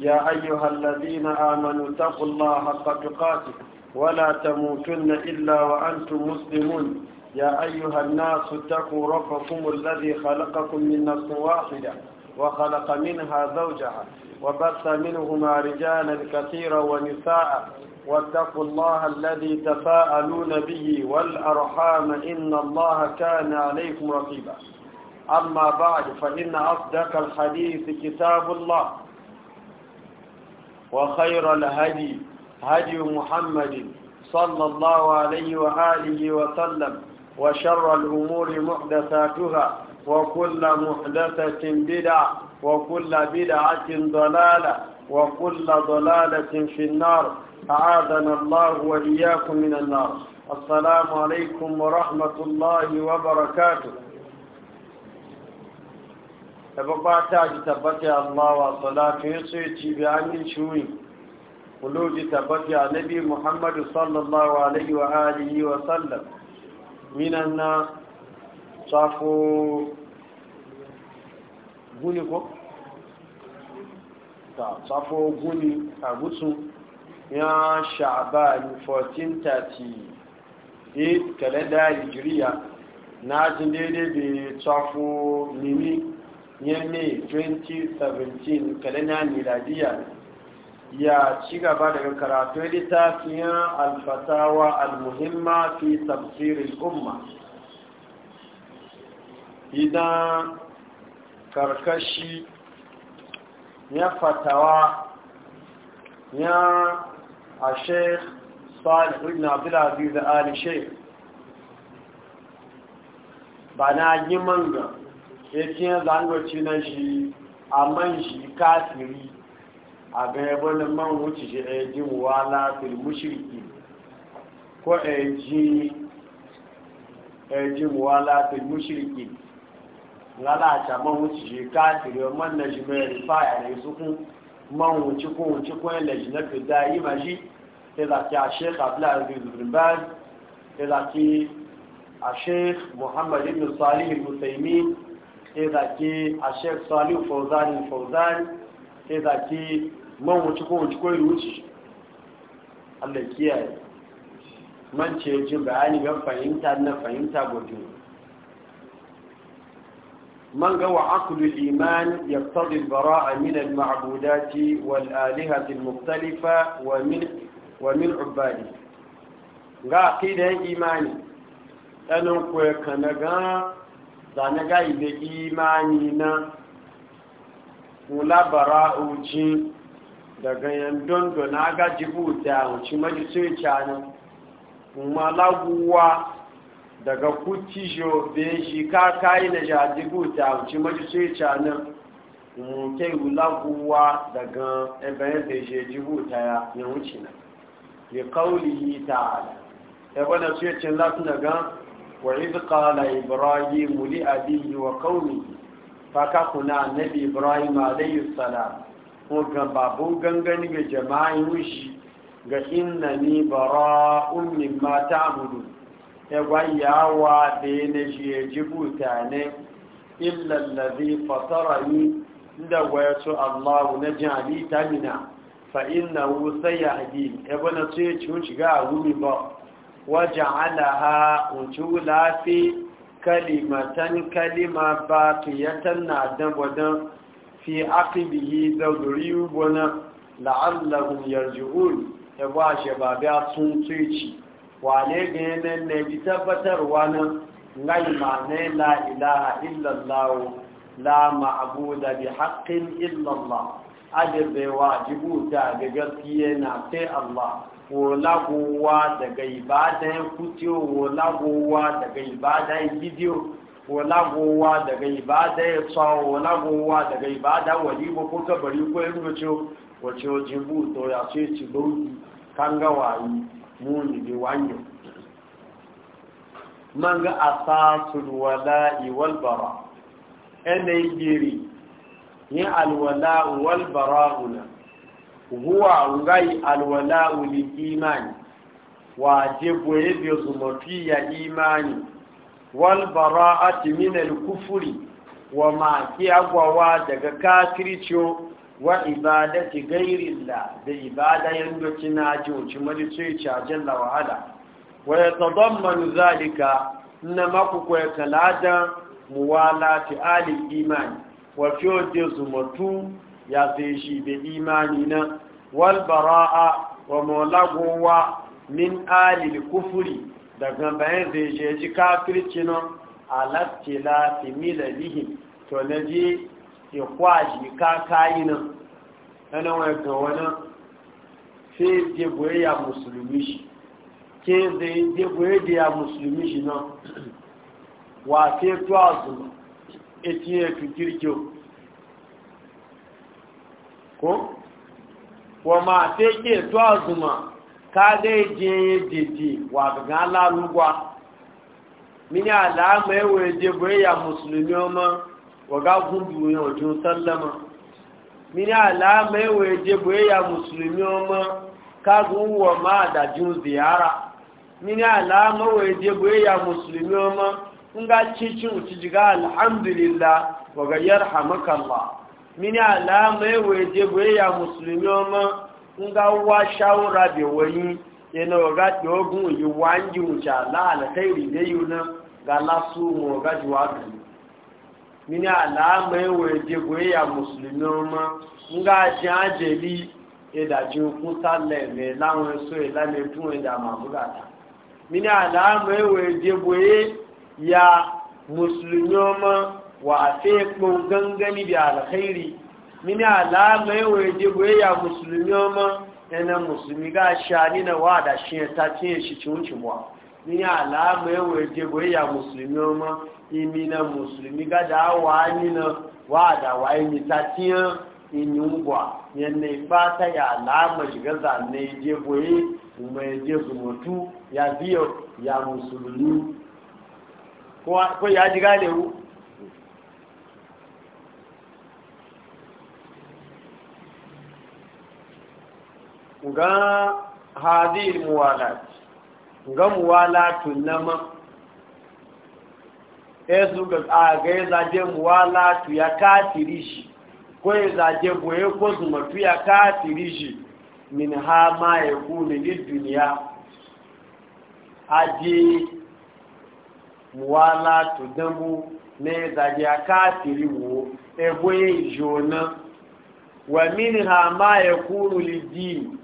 يا أيها الذين آمنوا اتقوا الله حق تقاته ولا تموتن إلا وأنتم مسلمون يا أيها الناس اتقوا ربكم الذي خلقكم من نفس واحدة وخلق منها زوجها وبث منهما رجالا كثيرا ونساء واتقوا الله الذي تفاءلون به والأرحام إن الله كان عليكم رقيبا أما بعد فإن أصدق الحديث كتاب الله وخير الهدي هدي محمد صلى الله عليه وآله وسلم وشر الأمور محدثاتها وكل محدثة بدعة وكل بدعة ضلالة وكل ضلالة في النار أعاذنا الله وإياكم من النار السلام عليكم ورحمة الله وبركاته tabbata ji tabbata Allah wa salatu ya so ya ci bi hannun shuri kuluji tabbata nabi Muhammadu sallallahu alaihi wa alihi wa sallam minan na safo guni ko? ta safo guni a gutsu ya sha'ban 1438 kalenda hijiriya na jin daidai bai tsafo nimi yana may 2017 kalina miladiya ya ci gaba daga karatu littafin alfatawa almuhimma fi tafsirin umma idan karkashi ya fatawa ya a sheikh salih ibn abdulaziz ali sheikh ba na yi manga ya ciye zangoci na shi a man shi kafiri a gaibanin man wuce shi eh, eh, eh, a wala ko a wala lalata man wuce shi kafiri man na shi mai rufa a rai sukun man wuce ko wuce ko yana shi na yi ma shi ya e zaki a sheikh abdullahi bin baz ya e a sheikh musaimin sai zaki a sheik salihu fauzani fauzani sai zaki man wuce ko wuce ko yi wuce allah kiyaye man ce jin bayani ga fahimta na fahimta gudu man ga wa akulu iman ya tsadi bara'a min al-ma'budati wal alihati al-mukhtalifa wa min wa min ubadi ga aqidan imani ɗanin kuwa kanaga zane gayi da imani na labara uci daga yandon da na gaji buta uci majisai canin kuma laguwa daga kutijo da shi na jaji buta uci majisai canin nke laguwa daga ebe da jeji buta ya wuce na ya kauli yi ta'ala ebe da su yacin latin daga وإذ قال إبراهيم لأبيه وقومه فكقنا النبي إبراهيم عليه السلام وقبابو غنغني بجماعي وشي غإنني براء مما تعبدون يغيا وعدين تاني إلا الذي فطرني دويت الله نجعلي تمنا فإنه سيهدين ابن سيتشون شغا غمي بار waja'alaha ujula fi kalimatan kalima baqiyatan nadan wadan fi aqibihi dawduri wana la'allahum yarji'un ya shababi sun tuci wale gane ne bi tabbatarwa nan ngai ma ne la ilaha illa allah la ma'budu bi haqqin illa allah ajabe wajibu ta ga gaskiya na sai allah wolagowa daga ibadan kutiyo wolagowa daga ibadan gidiyo wolagowa daga ibadan tsawo wolagowa daga ibadan walibo ko kabari ko yanzu wace wajen buto ya ce ci bauti kan gawayi muni da wanyo man ga asasul wala'i wal bara yi giri yin alwala wal bara'una huwa ngai alwala'u lil imani wajibu hivyo ya imani wal bara'ati min al kufri wa ma wa daga kafircio wa ibadati llah da ibada yanda kina ji uci mali sai jalla wa wahala wa yatadammanu zalika ma ku ko kalada ti al imani wa fiyo zumatu ya sai shi da imani na wal bara'a wa mulagowa min alil kufuri daga bayan zai je ji kafirci nan alattila fi milalihi to na ji ikwaji kakayi nan ɗana wani ga wani sai je goye ya musulmi shi ke zai je da ya musulmi shi nan wa sai tuwa su etiye fi kirkiyo ko wa ma te ke to azuma ka dai je dede wa ga la lugwa min ya la mai we je boye ya musulmi ma wa ga gundu yo jo sallama min ya la mai we je boye ya musulmi ma ka gun wa ma da ju ziyara min ya la mai we je boye ya musulmi ma nga cikin ci jiga alhamdulillah wa ga yarhamukallah mini alama ewe je ya musulmi nga wa shawara bi wani yana oga ti ogun yi wanji wuta la ala da na ga lasu mu oga ji wa mini alama ewe je ya musulmi nga ji ajeli ìdàjí okun sálẹ̀ lẹ̀ láwọn ẹ̀sọ́ ìlànà fún ẹ̀dà mini alama wa a sai gangani da alkhairi mini alama yawa ya je goye ya musulmi ma yana musulmi ga shani na wa da shi ya ta ce shi cin wa mini alama yawa ya je goye ya musulmi ma imi na musulmi ga da wa ni na wa da wa imi ta ce imi ngwa yana ba ta yi alama shiga zanne je goye kuma ya je zumutu ya biyo ya musulmi ko ya ji galewu ga hadir muwalat ga muwalatun nama ya su ga agaye zaje muwalatu ya katiri shi ko ya zaje boye ko zumatu ya katiri shi min ha ma ya kuni lid duniya aje muwalatu dambu ne zaje ya katiri wo ebo ya jona wa min ha ma ya kuni ni duniya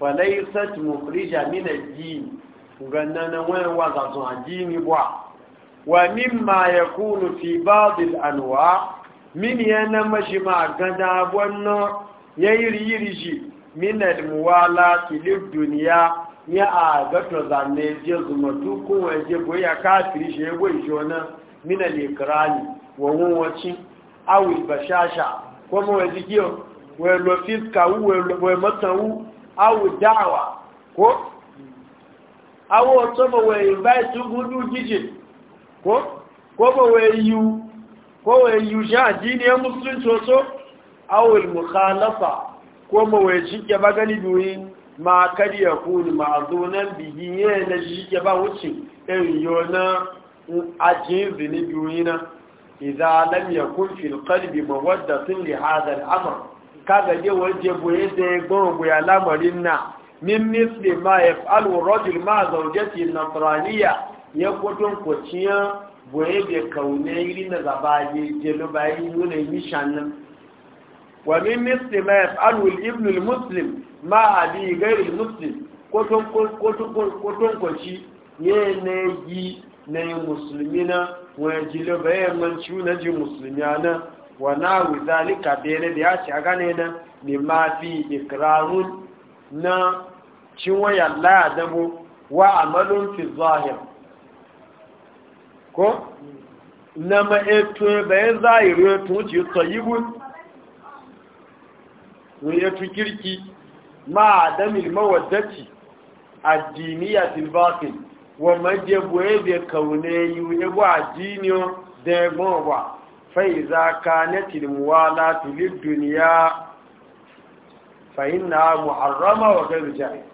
falaisat mukhrija min ad-din ganana wani waza sun addini ba wa mimma yakunu fi ba'd al-anwa min yana majma gada wannan yayi riyiriji min al-muwalati lid-dunya ya a gato zanne je zumatu ko waje boya kafiri je boye jona min al-ikrani wa wawaci aw al-bashasha ko mo waje kiyo wa lo fiska wa lo matawu awu dawa ko awo to ba we invite to gudu jiji ko ko ba we yu ko we yu ja dini ya musulun soso awu al mukhalafa ko ba we shike ba gani duyi ma kadi ya kuni ma'azunan bihi ne na shike ba wuce irin yona ajin zini duyi na idza lam yakun fil qalbi mawaddatun li hadha al amr kagage waje boye da ya gbogbo boya lamarin na min misli ma ya falu rajul ma zaujati nasraniya ya kudin kwaciya boye da kaune iri na zabaje jelo bayan nuna mishan nan wa min misli ma ya falu ibnul muslim ma abi gairi muslim kudin koci ya na yi na yi musulmi na wajen jelo bayan manci na ji musulmi na wa nawi zalika bene da ya ci a gane na mimma fi ikrarun na cinwa yalla ya dabo wa amalun fi zahir ko na ma'eto bayan zahiru ya tuci tsayibu ne ya fi kirki ma adamin mawaddaci addiniya tilbatin wa majebu ya kaune yi ebo addiniyo da egbon wa فإذا كانت الموالاة للدنيا فإنها محرمة وغير جائز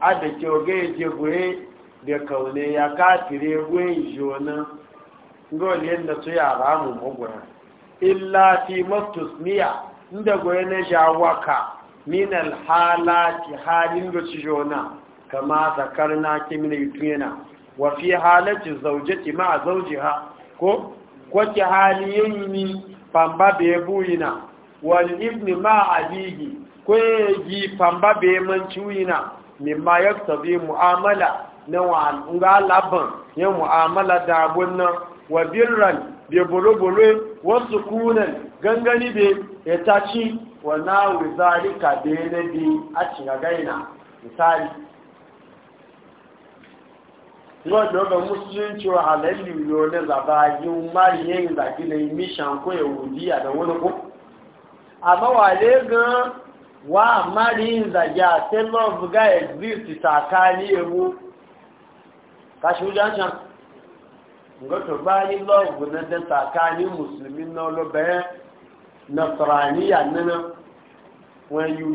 ada ke oge je gwe da kaune ya kafire gwe jona ngol yanda to ya ramu mugura illa fi mastusmiya inda gwe na jawaka min al halati halin da ci jona kama zakarna ke min yutuna wa fi halati zawjati ma zawjiha ko kwake hali ni famba be buyina wal ibn ma abihi ko yi famba be manchuina mimma yaktabi mu'amala na wa nga laban ya mu'amala da bunna wa birran be bolobolo wa sukunan gangani be ya taci wa na wizalika be na bi a cikin gaina misali lọ́dọ̀ ọ̀dọ̀ mùsùlùmí wa àlẹ́lì lọ́dẹ̀ bàbá yìí ń má yẹ ìgbàgílẹ̀ ìmí ṣàǹkó ẹ̀wòdí àdánwọ́nàkó àbáwà lé gan wà má rí ìzàjá tẹ́lọ́bùgá exist tààkà ní ewu kàṣíwújáṣán ngọ́tọ̀ bá ní lọ́ọ̀bù nẹ́dẹ́ tààkà ní mùsùlùmí náà lọ́bẹ̀ẹ́ nàtọ̀ràníyà nínú wọ́n yóò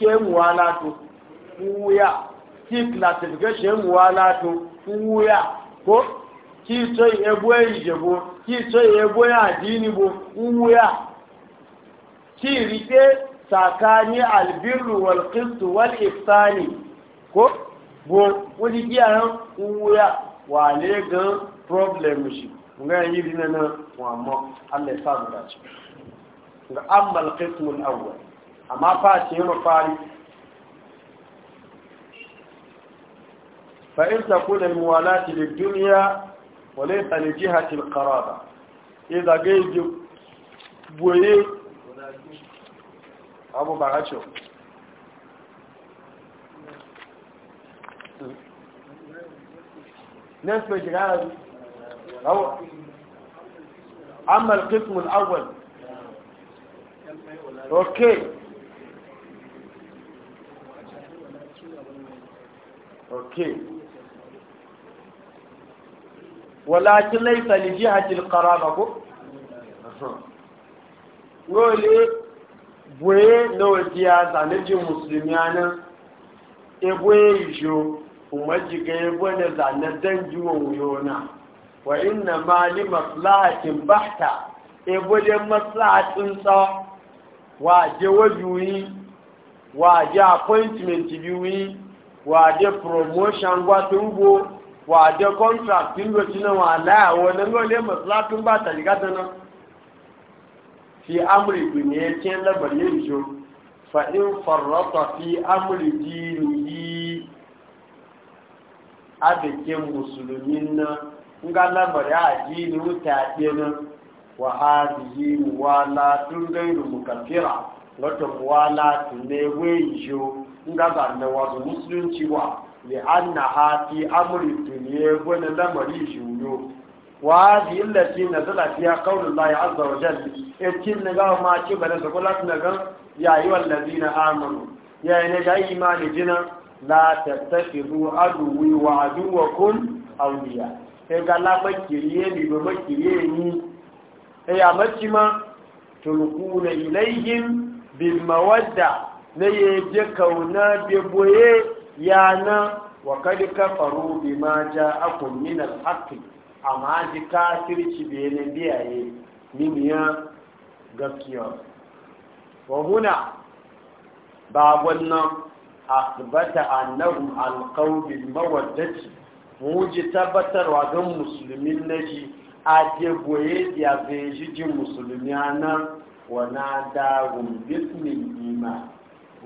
ke muwalatu fuya ki classification muwalatu fuya ko ki to ebo ijebo ki to ebo adini bo fuya ki rike sakani albirru wal qist wal ko bo wani kiyayen fuya wale ga problem shi nga yi dinana wa mo Allah ya sa mu dace ga amma al-qism اما فاتي ينفاري فإن تكون الموالاة للدنيا وليس لجهة القرابة إذا قيد بوئي أبو بغاشو نسبة جهاز أما القسم الأول أوكي okay walakin sa li jihati alqaraba ko wole boye na ji zanaji e eboye ijo kuma jiga ebo na zanen danji wa wuyona wa inna ma li maslahatin bahta ebo da maslahatin sa wa je wajuyi wa je appointment yi? wa wàdé promotion gwa tungo wàdé contract tungo cinan wàlá wani gole maslatun ba ta liga dana fi amri duniya ce labar yin jo fa in farrata fi amri dinihi abikin musulmin na nga labar ya ajini wuta na wa hadihi muwala tun gairu mukaffira wata muwala tun ne wai jo nga ba na wato musulunci wa li anna ha fi amri duniya gwani lamari juyo wa bi illati nazala fiha qaulullahi azza wa jalla etin na ga ma ci bada da kula na ga ya yi wallazina amanu ya ne ga imani jina la tattafiru aduwi wa aduwakum awliya e ga la makiriye ni ba makiriye ni e ya macima tulquna ilayhim bil mawadda na ya je kauna da boye yana wa kadi kafaru bi ma ja min al haqqi amma ji kafirci be ne biyaye min ya gaskiya wa huna ba wannan asbata annahu al-qawl bil mawaddati muji tabbatarwa ga musulmin naji a je boye ya zai ji musulmi ana wa na da gumbin iman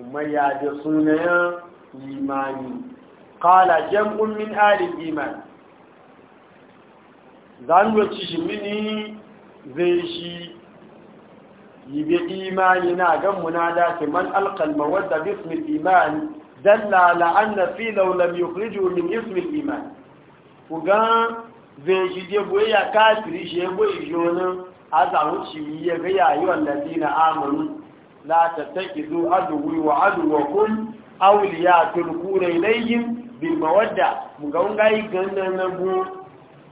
umayya da sunayen limani kala jam'un min alin iman zanwaci shi mini zai shi yi bi imani na gan munada ke man alkalma wadda bismin imani dalla la'anna fi laulam yukhriju min ismin imani ku gan zai shi je ya kafiri shi ya boye jonin a zamuci yi ya gaya yayi wallazi na amanu la tattakizu aduwi wa aduwakum awliya turkuna ilayhim bil mawadda mun ga ngai gannan nan bu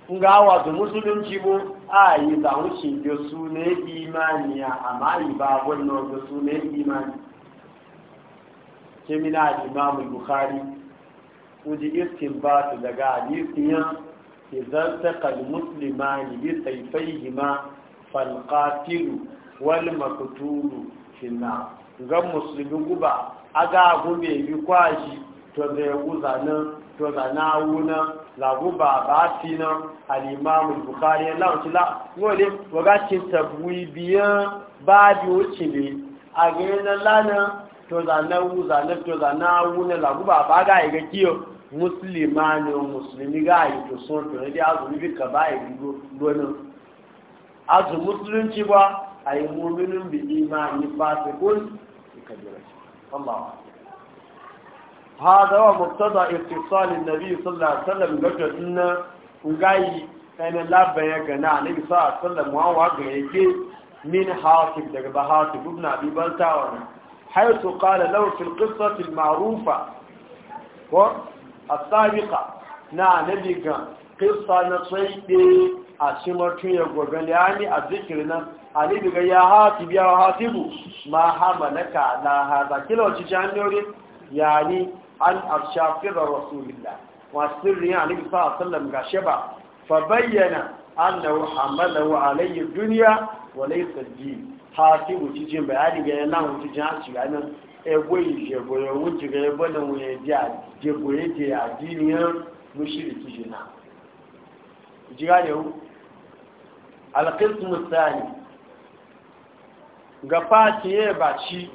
mun ga wa da musulunci bu a yi da wuce da su ne imaniya amma yi ba wannan da su ne imani kemina imam bukhari uji istinbat daga hadisiyan idan taqa muslimani bi sayfayhima falqatilu wal maqtulu finna gan musulmi guba aga gube bi kwashi to da ya guza nan to da na wuna la guba ba fi nan al-imam bukhari ya launci la wole waga cin tabwi biya ba bi ci ne a ga na lana to da na guza nan to da na wuna la guba ba ga ga kiyo musulma ne musulmi ga yi to son to ne da azumi bi ka ba yi go donin azu musulunci ba أي مؤمن بإيمان فاسق يكبر الله هذا هو مقتضى اتصال النبي صلى الله عليه وسلم لجدنا وقاي أنا لا بيقنا النبي صلى الله عليه وسلم وهو قايك من حاطب دقب حاطب ابن أبي بلتاونا حيث قال له في القصة المعروفة السابقة نعم نبي قصة نصيحة a cimar tuya gogon ya ne a zikirin nan alibi ga ya hati biya wa hatibu ma hama na ka na haza kila wacce ci ya ni an afshafin rasulillah. wa sirri ya alibi sa sallam ga sheba fa bayyana annahu hamalahu alayhi dunya wa laysa din hatibu ci jin bayani ga yana wuce jin hasu ga nan ebo ije boye wuce ga ebo nan wuye jiya a je boye je a diniyar mushiriki jina ji gane hu alƙismu tsani ga fati ya ba ci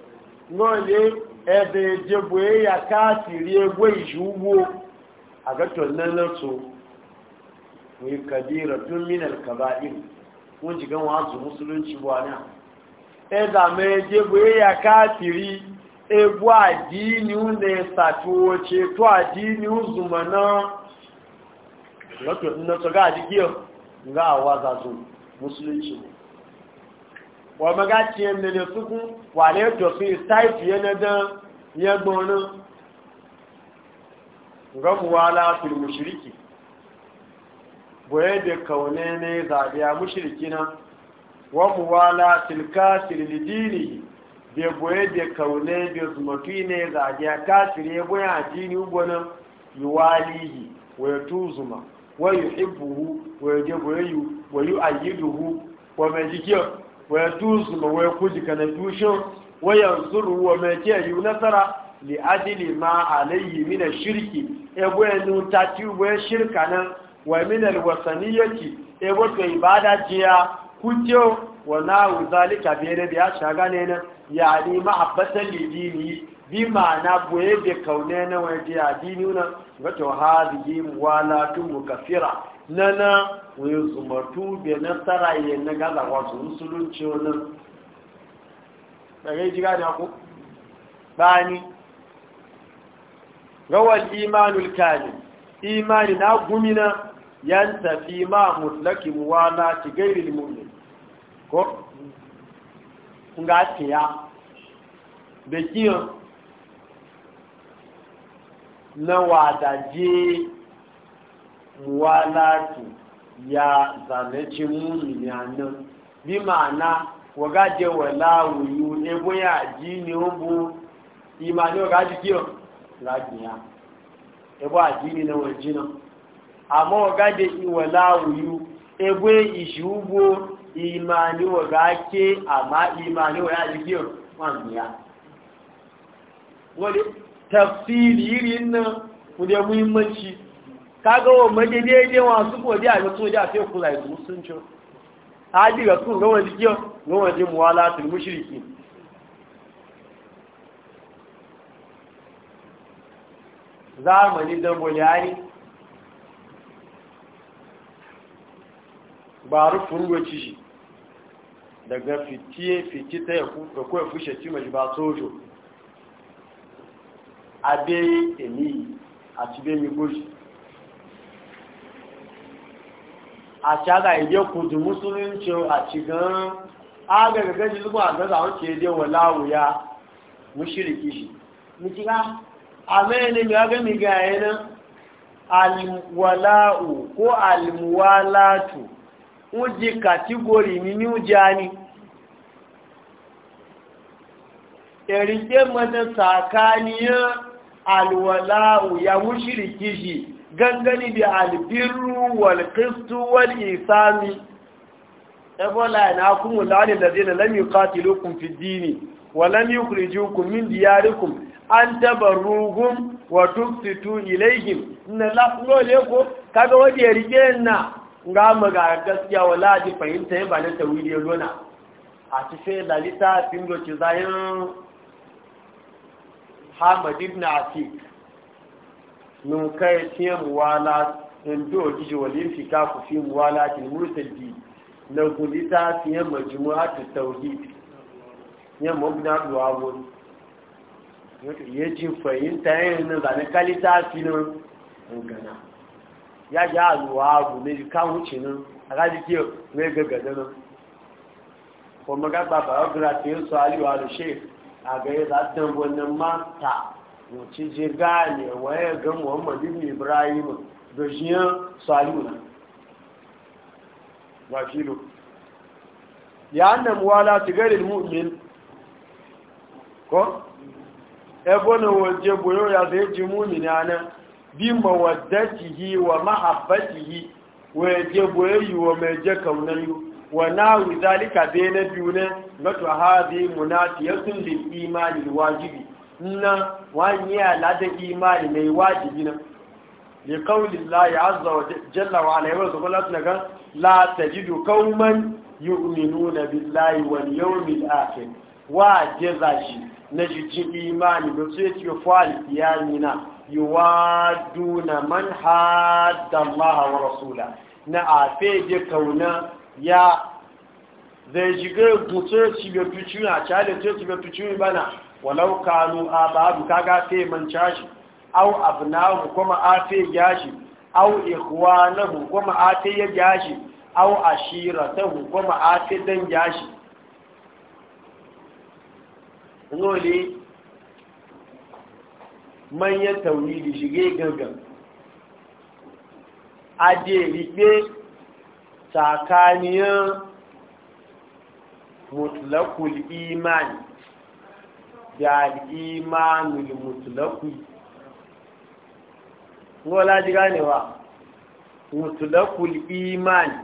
nole ebe jebo ya kafiri egwe ugbo a gaton nan lato mai kabira tun minar kaba'ir kun ji gan musulunci buwana e zama jebo ya kafiri egwu adini wanda ya sati wace to adini uzuma na wato ina so ga jikiyo ga za su musulunci wa magaci yadda ne suku wale to su site yana da ya gbonu gamuwa lafil mushiriki boye da kaune ne zaɓiya mushiriki na wa muwala tilka tilidini da boye da kaune da zumatu ne zaɓiya kasiri ya boye a jini ubonin yiwalihi wa ya tuzuma ويحبه ويجبره ويؤيده ومجيكيه ويتوسم ويكوزك نتوشه وينصره ومجيه نصر لأجل ما عليه من الشرك يبوين تاتيو ويشركنا ومن الوثنية يبوين عبادة جيا كتيو wa na'u zalika bi ne ya shaga ne na ya ni mahabbatan lidini bi ma'ana boye be kaune na wa bi adini na ga to hadihi walatu mukaffira nana wa yuzmatu bi nasara ye na ga da wasu musulunci wannan daga jiga ga ku bani rawal imanul kamil imani na gumina yanta fi ma mutlaqi wa la tigairil mu'min ko nga tiya da kiyo na wadaje lati ya zanaci muni yanan bi ma'ana wagaje wala wuyu ebo ya ji ni o bu imani wagaje kiyo lajiya ebo ajini na wajina amma wagaje iwala wuyu ebo e ishi ugbo imani wa gake amma imani wa ya jike ya. wani tafsirin nan kudin muhimmanci kaga wa majaliyajen wasu kodi a mutu da sai kula da musulunci haji ga sun gawar jike gawar jin muwalatul mushriki zamani don bolyari ba rufin ruwa ci shi daga fitiye fikita ya kuka fushe cima ba sojo abe emi àti bí mi gbóṣì àṣàgà èdè kùdù mùsùlùmí ṣe àti gan-an agbẹ̀gbẹ̀ jí lúgbọ́n àgbẹ̀gbẹ̀ àwọn ti èdè wọ láwòyá mùsùlùmí mi ti rá àmẹ́ni mi ọgbẹ́ mi ga ẹ̀ẹ́ná alìwọ̀láwò kó alìwọ̀láàtù wọ́n katigori kàtígórì ní ní oúnjẹ ni ẹ̀rìnkẹ́ mọ́ta sàkáníyàn alwala ya mushiriki shi gangani da albirru wal kristu wal isami ebola na kuma lalin da zai na lami katilokun fi dini ولم يخرجوكم من دياركم an tabarruhum wa tuftitu ilaihim inna la qulu yaku kaga wadi rike na nga ga gaskiya wa ji fahimta yin ba na tawili ya lona a ci sai lalita fin doci zayin hamad ibn atik nun kai tiye muwala in do jiji walin ka ku fi muwala til mursalbi na gulita tiye majmu'a ta tauhid ya mabna duwawon ya ji fahimta yin na zane kalita fi nan gana ya ji aluwa abu ne ka wuce nan a gaji ke mai gaggada nan kuma gaba biography yin su aliwa da she a gaya za ta wannan mata wuce je gane waye ga muhammadu ibrahim da jiyan su aliwa na. ba filo ya annan wala tigarin mu'min ko ebe na waje boyo ya zai ji mu'min nan bi mawaddatihi wa mahabbatihi wa je boyi wa mai je kaunayu wa nawi zalika bayna biune gato hadi munafiyatun lil imani wajibi na wani ala da imani mai wajibi na li qawli llahi azza wa jalla wa alayhi wa sallam la tajidu qauman yu'minuna billahi wal yawmil akhir wa jazashi na jiji imani da su yake fa'al na. yuwaduna man hadda Allah wa rasula na afe je kauna ya zai shiga mutu ci bai tuci na cale ce ci bai tuci bana walau kanu ababu kaga sai man cashi au abnahu kuma afe gashi au ikhwanahu kuma afe ya gashi au ashiratahu kuma afe dan gashi ngoli manyan tauridi shige gangan aje riɓe tsakaniyar mutlakul imani da imanul mutlakul wọ́n láti gánewa mutlakul imani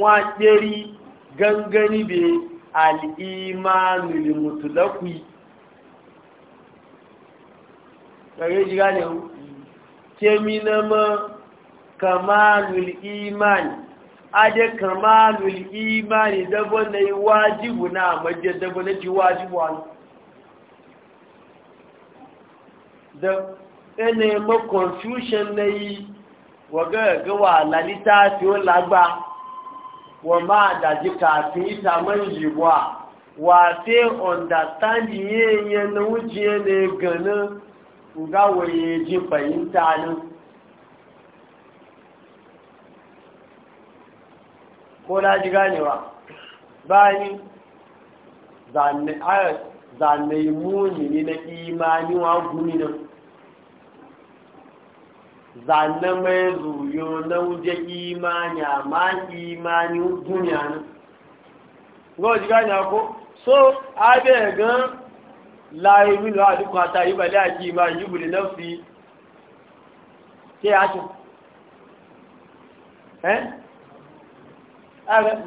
wọ́n ɗeri gangani be al'imanul mutlakul kare ji gane hu kemi na ma kamalul imani ade kamalul imani dabo na yi wajibu na majiyar dabo na ji wajibu wani da ene ma confusion na yi waga gawa lalita fi o lagba wa ma daji kafin ita man jibuwa wa fe understand yiyen na wuce ne ganin ga waye ji fahimta nan ko na ji ganewa bayan zanai muni ne na imani wa gumi nan zanai mai zuyo na wuje imani ma imani duniya nan ga wajen ganewa ko so abe gan láyé mílò àdúkọ àtà ìbàlẹ̀ àti ìmá ìyúbùlé náà fi ṣe àṣù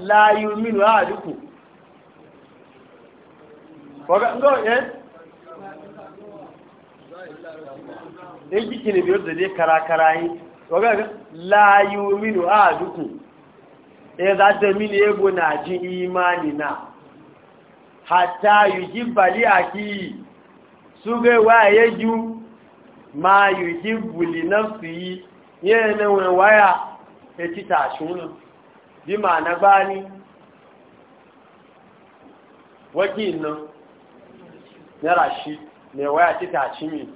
láyé mílò àdúkọ ọ̀gọ́ ẹ́ èyí kìnnì ó zèdè karakara yìí ọ̀gọ́ láyé mílò àdúkọ ẹ̀dá jẹ́ mílò ẹgbò náà ìmá nìna hatta yuhibba li aki suge wa yeju ma yuhibbu li nafsihi yene we waya etita shunu bi ma na bani waki no yara shi ne waya tita chimi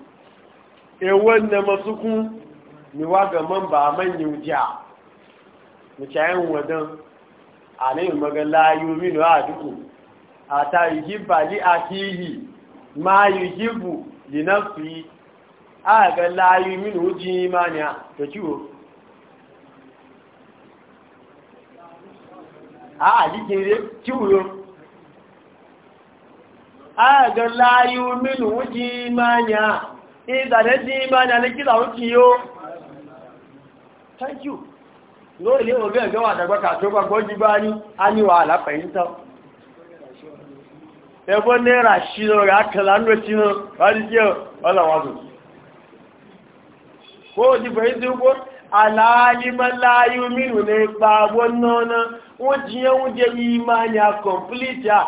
e wonne masukun ni wa mamba man dia man yuja mu cayin wadan anayin magala yuminu a dukkan ata yuhibba li akihi ma yuhibbu li nafsi aga la yumin uji imani to ciwo a ajikere ciwo aga la yumin uji imani idane ji imani ne kila uji thank you lóòlé òbí ẹ̀gẹ́wà àtàgbàkà tó gbàgbọ́ jí bá ní a níwà àlápẹ̀yìntàn ẹgbọ́n náírà ṣínú rẹ̀ akẹ́lá ń rẹ̀ ṣínú wájú jẹ́ ọlọ́wọ́dù kó o ti fẹ̀yí tí ó kó aláàlímọ́láyú mínú ní ipa agbọ́n náà náà wọ́n jiyàn wọ́n jẹ́ ìmáni àkọ̀m̀plìtì à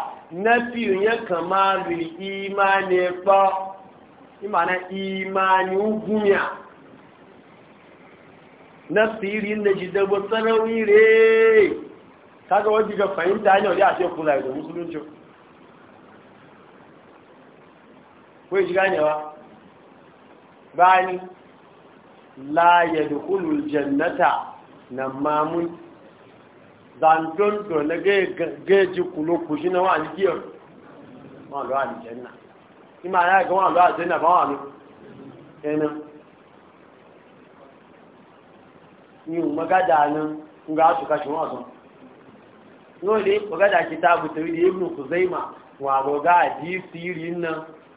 nẹ́fì yẹn kàn máa rí ìmáni pọ́ ìmọ̀nà ìmáni gúnmíà nẹ́fì rí nẹ́jìdẹ́gbọ́ sẹ́rẹ́ wí rèé kága wọ́n jìjọ fẹ̀yìntà ní ọ̀dẹ́ àti ọkùnrin àìsàn mùsùlùmí ko ji ganewa bani la yadkhulul jannata na zan zantonto na ga ji kulo kushi na wa ji yau ma lo al janna ima ya ga wa lo al janna ba wa lo kenan ni magada nan ga su kashin shi son no ne magada kitabu tawhid ibn kuzaima wa ga hadisi rin nan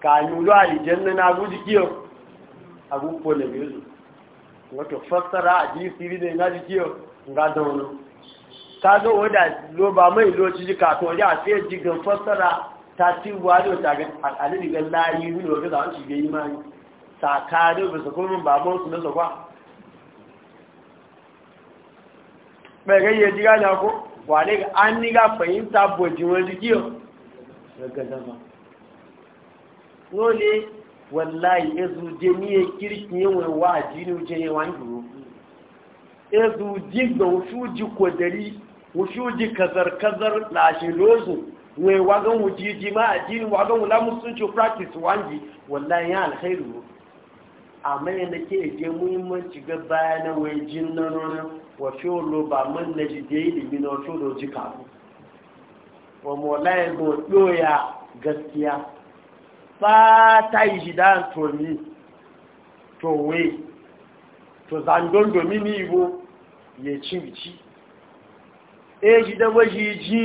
kayulu aljanna na guji kiyo abu ko ne biyu wato fasara a ji siri ne na ji kiyo ga da wani ka zo wada lo ba mai lo ji ka to ya sai ji ga fasara ta ci wa do ta ga alani ga layi ne lo ga za su ga imani sakado ba su kuma babon su na zakwa ba ga ji ga na ko wale ga an ni ga fahimta ji wani kiyo ga zama nole wallahi ezu je ni e kirki e ni won wa ji ni je yen wan duro ezu ji gbo fu ji ko dari fu ji kazar kazar la shi lozu we wa gan wu ji ji ma ji ni wa gan wala musunci practice wanji wallahi ya alkhairu amma yana ke e je muhimmanci ga bayana wai jin na nan wasu fi ba man na ji je ilimi na wato da ji kafu wa mola ya go gaskiya yi pátá ìṣìdá tó ní tó wé tó zandondo mí ní ìwó yẹ chíwìchí èyí dẹ́gbẹ́ yìí jí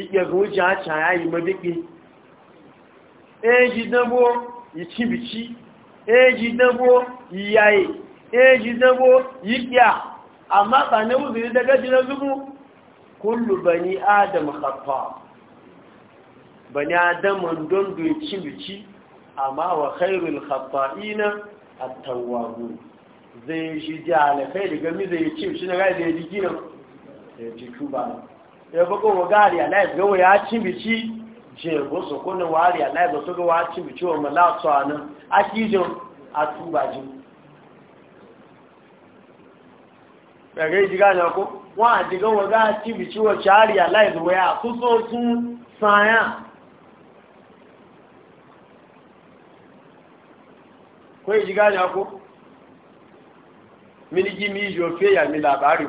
ìgbẹ̀gùn jẹ́ àṣàyà ìmọ̀dégbé èyí dẹ́gbẹ́ ci. èyí dẹ́gbẹ́ ìyàyè èyí dẹ́gbẹ́ ìpìà àmáta Amma ba bèèrè dẹ́gẹ́ daga lọ́gbùn kúlù bẹ̀ bani adam khattab bani adaman don doci bici amma wa khairul khata'ina at-tawwabun zai shi ji alafai daga mi zai ci shi na ga da jiki nan ya ci tuba ya bako wa gari Allah ya ga ya ci bici je go so ko na wari Allah ya so ga wa ci bici wa malatu anan akijin a tuba jin daga yi jiga na ko wa jiga wa ga ci bici wa shari'a Allah ya zo ya kuso sun saya ko yi gane ko mini ji mi yo ya mi labari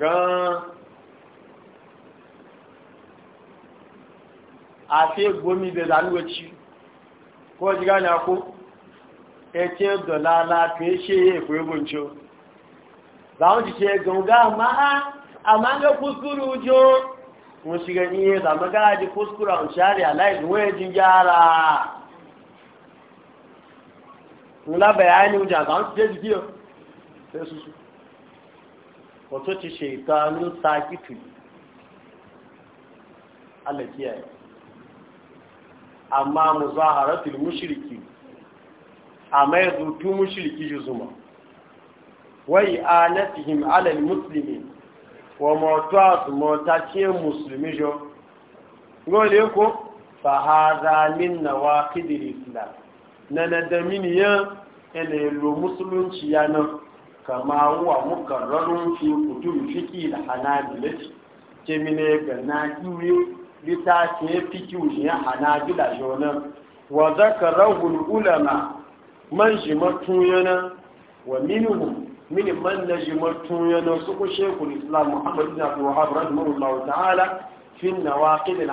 gan a fe gomi da zanuwaci ko ji gane e ko ẹ̀kẹ́ dọ̀lára kìí ṣe èkò egbònjò láwọn jíṣẹ́ gọ̀ǹgá àmá ń gẹ́ kúskúrú jọ wọ́n ṣe ní ẹ̀dàmọ́gá àjí kúskúrú àwọn ṣàrí aláìsùn wọ́n ẹ̀jìn ńlá bayani oúnjẹ àgbà ń ti jẹ́ jìgí ọ fẹ́ susu wọ́n tó ti ṣe ìtọ́ ní sáàkìtì alẹ́kí ẹ̀ àmà mùsọ àhàrẹ́ tìlú múṣìrìkì àmà ẹ̀dù tú múṣìrìkì jù zùmọ̀ wọ́yì anẹ́tìhìm alẹ́lì mùsùlùmí wọ́n mọ̀ tó àtùmọ̀ tá kí ẹ̀ mùsùlùmí jọ ngọ́ọ̀lẹ́kọ́ fàhàzà nínà wá kídìrì ìsìlámù na ya ina lo musulunci yana kama huwa mukarrarun fi kutub fiki da hanabilati ce mine ga na iwe ce fiki ne hanabila jona wa zakarahu ulama man jimatun matuyana wa minhum min man najimatun matuyana su ku shekul islam Muhammadu ibn abdul wahhab rahimahullahu ta'ala fi an-nawaqid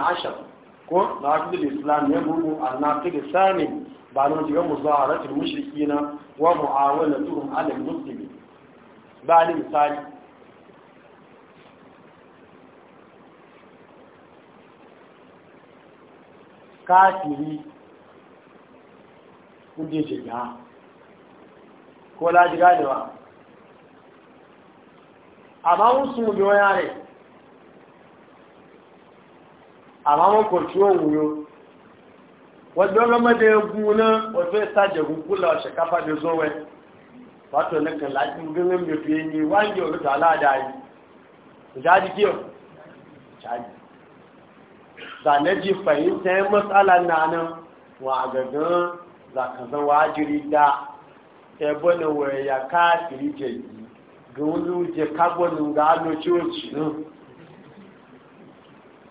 ko na hafizu islam ya na annafi da sani ba na jiga mashirki na wa turun ala muslimin ba ni misali kafiri kuje shiga ko laji a amma musu mu biyo yare àmọ́ wọn kò tí ó wúro wọ́n ọlọ́mọdé egun náà wọ́n fẹ́ sàjẹ̀gùn kúlọ̀ ọ̀ṣẹ̀ káfàdé sọ́wẹ́ wàtò nìkan láti gẹ́gẹ́ mi fi ẹni wáyé olùtọ̀ aláàdáa yìí ìjáde kí o ìjáde zànẹ́jì fẹ̀yìntẹ́ mọ́sálà nànà wọ́n àgàgán zàkàzán wàá jírí dá ẹgbọ́n wẹ̀yà káàkiri jẹ̀ yìí gbọ́n ló jẹ kágbọ́n nígbà lọ́jọ́ òjì náà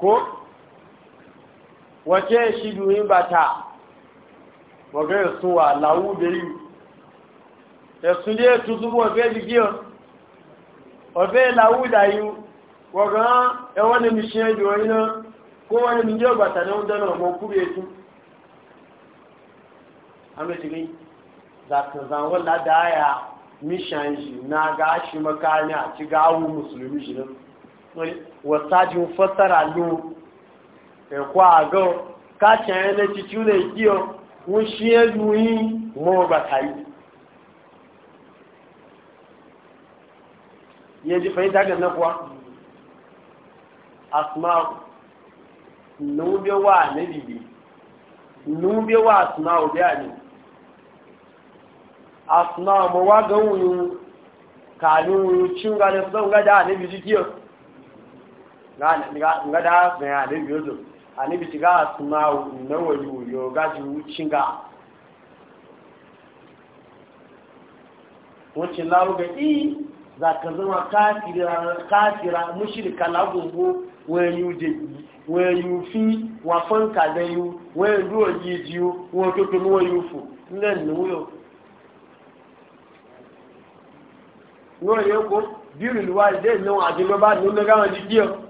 ko wace shi duyin ba ta wagayar suwa lawu da yi ẹ̀sùn lé ètò túnbọ̀ ọ̀fẹ́ ìdíkí ọ̀ ọ̀fẹ́ lawu da yi wọ̀gán ẹwọ́n ni mi ṣe ẹjọ́ iná kó wọ́n ni mi jẹ́ ọgbàtà ní ọdún ọmọ kúrò ètò amẹ́tìrí zakazanwọ́ ládáyà mishan shi na gashi makani a ci gawo musulmi shi nan wasajin fasara lo ẹ̀kọ́ àgọ́ káàkiri ẹni títí lè jí ọ wọ́n ṣí ẹlú yín wọ́n bàtà yìí yẹn ti fẹ́ dágẹ̀ náà wá asma nùú bí wà nídìdì nùú bí wà asma òbí àná asma ọmọ wa nga da zai a nabi yozo a nabi ti ga su ma nawa yoyo ga ji wucin ga wucin lawo za ka zama kafira mushirka lagungu wani yufi wa fanka da yu wani ruwa jijiyo wani tuntun wani bí ìrìlúwà ìdẹ́ ìnáwó àti ní ó lọ́gáwọn jíjí ọ̀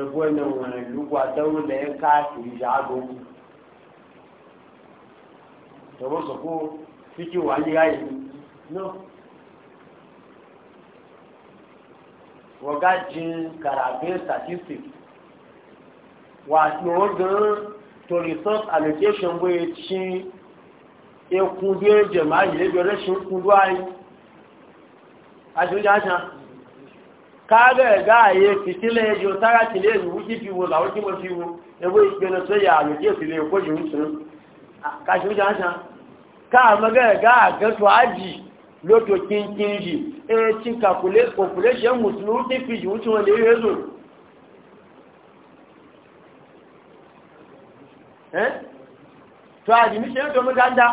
ẹgbẹ́ náà wọ̀n lùgbọ́ àdáwò lẹ́yìn káàkiri ìyàgò tọ́wọ́ sọ fún fíjì wà ní ayé náà wọ́n ká jin kàràbí statistics wà ní gan to resource allocation bó e tí ekundé jẹ̀máyé lẹ́gbẹ̀rẹ́ ṣe ń kundú ayé àti oúnjẹ àṣà. kaga ẹ̀gá àyè fìtílẹ̀ ẹjọ́ tára ti lè rú fi wo làwọn tí mo fi wo ewé ìpinnu tó yà àrùn tí èsì lè kó jù ń ga kàṣí ó ṣáṣá káàmọ́gẹ́ ẹ̀gá àgẹ́tọ̀ kin lóto kínkín yìí ẹ̀rẹ́ tí kàkùlẹ́ṣẹ́ mùsùlùmí tí fi jù tí wọ́n lè rí ẹ̀zùn tó àdìmíṣẹ́ tó mú dáadáa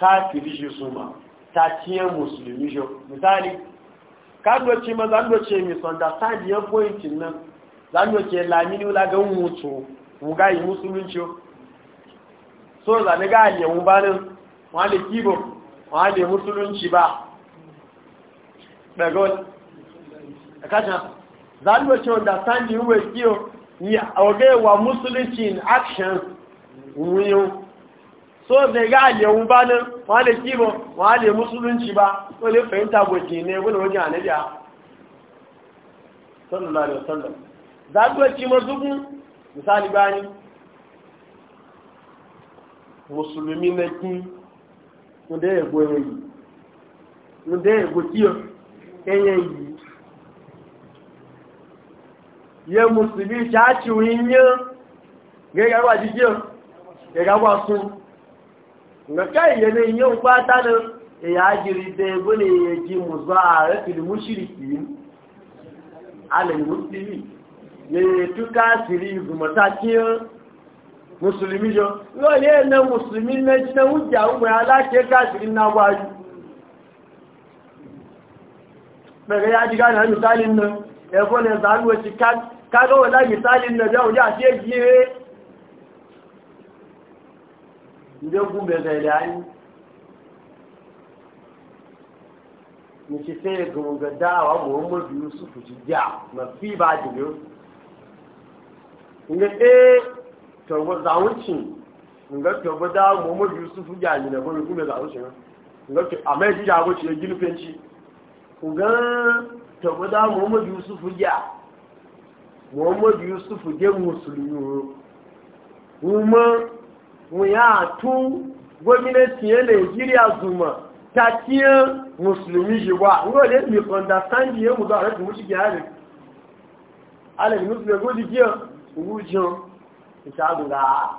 kafiri shi su ma ta ciye musulmi shi misali ka doce ma za doce misunderstand ya pointin nan za doce lamini wula ga wuga yi musulunci so za ni ga aliyan banin wale kibo wale musulunci ba begon a e kasha za doce understanding wey kiyo ni a ogewa musulunci in action wuyo so da ga aliyawun ba nan wa da kima wa da musulunci ba wale fahimta gwaji ne wani wajen anabiya sallallahu misali bani musulmi na ki wanda ya goye yi wanda ya gokiyo enye yi ye musulmi ta ci winyo gẹ́gẹ́ wà jíjẹ́ gẹ́gẹ́ wà sún na kai yana yin kwata nan ya jiri da ya gune ya ji musu e a rafin mushiriki alal musulmi ya yi tuka siri zumatakiyar musulmi yau yau ne na musulmi na jina hujja umu ya lashe kasirin na gwaju daga ya ji gane misalin nan ya kone zaruwa ci kagawa ya ce nde gumbe gaile ani ni ci sai gunga dawa muhammadu yusuf ci ja mafi ba jibiru nga e tawba zawuncin nga tawba da muhammadu yusuf ja ni na gobe gumbe zawuncin nga to amma ji ja goce gilfenci nga tawba da muhammadu yusuf ja muhammadu yusuf je musulmi mu ma wuya tun gwamnati ya Nigeria zuma ta kiye musulmi ji wa ngo le mi understand ye mu da rafi mushi gari ala ni musulmi go dikiya wujo ta dura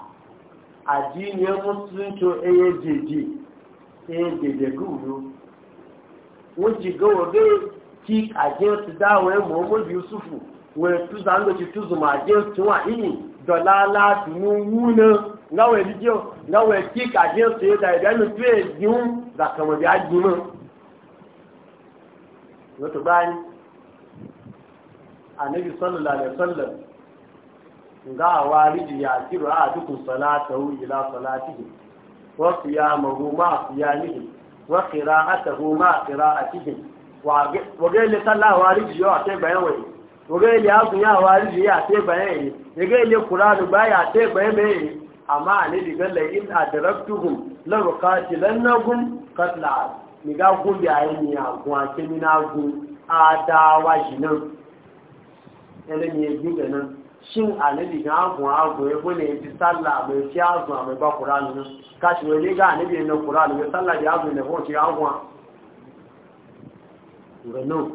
adini ya musulmi to eye jeje eye jeje guru wuji go be ki against da we Muhammad Yusufu we tuzango ci tuzuma against wa ini dalala tunu wuna Nga wa ngawo eligio ngawo eki kaje so ye da ga nu pe yun um, da kan bi ajun mo no to bani anabi sallallahu alaihi wasallam nga walidi ya kiru a ah, dukun salatahu ila salatihi wa qiyamahu ma qiyamihi wa qira'atuhu ma qira'atihi wa ga gele sallah wa yo ate bayan wai wa gele agun ya walidi ya ate bayan yi wa gele qur'anu ba ya ate bayan yi amma a ne diga la'in a daraktuhun na bukatilan na gun katla ni ga gun da yi ni a kuma kemi na gun a dawa shi nan ɗaya ne yi da nan shin a ne diga a agun ya gune ya fi salla mai fi agun a mai ba kuranu nan kashi wai ne ga a ne biya na kuranu mai tsalla da agun da kuma ci gun a ga nan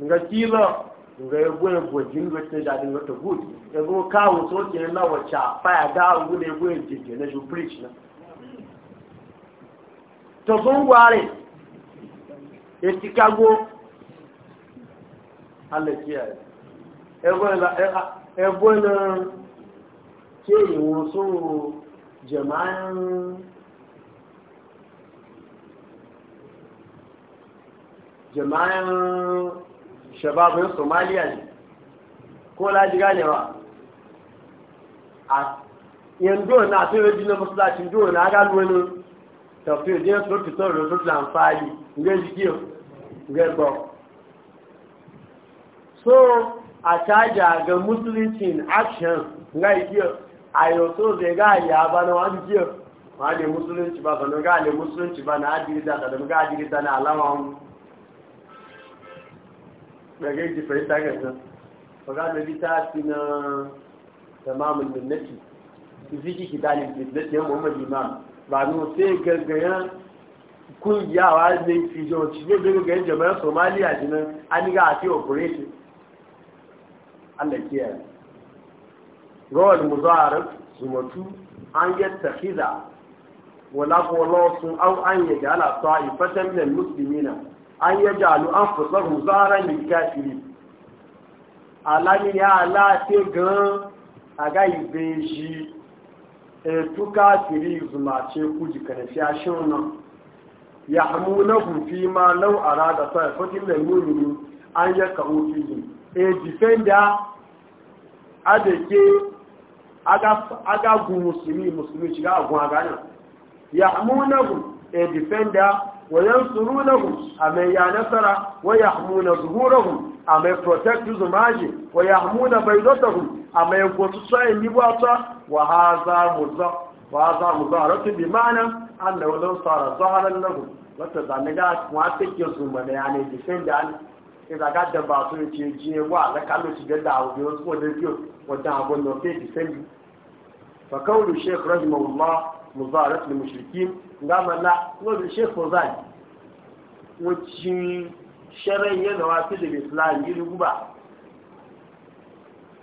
ga kila nga egwu egwu ji nweta jadi nweta good ego ka wuta oke na wacha faya ga agwu na egwu ejije na ju bridge na to zo etikago alekia na ke yi wuso shababin somalia ne ko laji ganewa a yanzu na tóyọ jí na masalacin jíwọ na aga lónú tafiyo jẹ́ sọ́tù sọ́rọ̀ tó so a ga in action tó zai ga ya ba na wani jíkíọ̀ ne musulunci ba ba ga ne musulunci ba na ga na alama daga ji fahimta ga nan faga da bita fi na tamamin minnati fiziki kitalin minnati yan muhammad imam ba no sai gangayen kungiyawa ne fijo ci ne gangayen jama'ar somaliya ji nan an ga a fi operation allah kiyaye rawar muzarar zumatu an yi tafiza wala ko sun au an yi ga ala ta'ifatan min muslimina an ya jalu e an fusaru zaran da kafiri alami ya alafe gan a ibe shi etu kafiri zumace kuji karfi a shirin ya hamu na hufi ma lau a rada sa ya fatin da yi an ya kawo fiye a defender a da ke agagun musulmi musulmi shiga agun agana ya hamu na hufi a defender وينصرونهم أما ينصر ويحمون ظهورهم أما يبروتكت زماجه ويحمون بيضتهم أما سائل يبواتا وهذا مزا وهذا مزارة بمعنى أنه لو صار ظهرا لهم وتزنقات معتك يزوما يعني دفن دعنا إذا قد باتوا يتيجي وعلى كانوا تجدع وبيوت ودبيوت ودعوا النوتي دفن فقول الشيخ رحمه الله مزارة المشركين ngamala lórí sheikh fozan wọn e ti ṣẹlẹ yẹn lọ wá sí lè islam yìí gúbà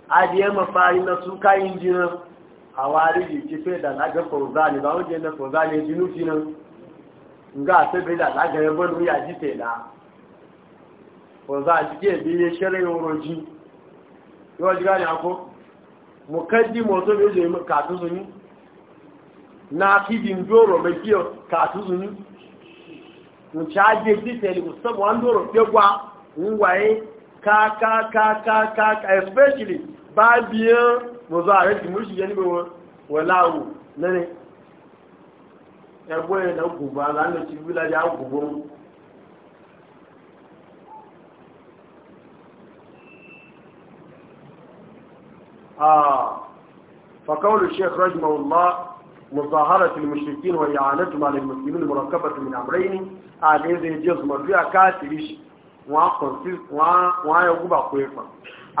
adìẹ mọfà iná tún káyín jiná àwọn arìnrìn ti fẹ́ dà lágẹ fozan ba, wọn jẹ ní fozan yẹn jinú jiná nga àtẹbẹ dà lágẹ ẹgbẹ ló yà jí tẹlá fozan ti kí ẹbí yẹ ṣẹlẹ yẹn wọrọ jí yọjú ká ní akó mọ̀kẹ́dì mọ̀ tó bí ó ṣe kàtúnṣe ní. na fidi ndoro mekiyo katuzuni mchaje detail kusabu andoro pegwa ngwaye ka ka ka ka ka especially babiyan mozo are ti mushi yeni bo walawo nene ẹgbẹ́ ẹ̀nà ògùnbà lánàá ti wí láyé ah, mú fàkàwọ̀lù sheik rajmahullah مظاهرة المشركين وإعانتهم على المسلمين مركبة من أمرين عليه زي جيز مرفيع كاتريش ويقوم بقويفا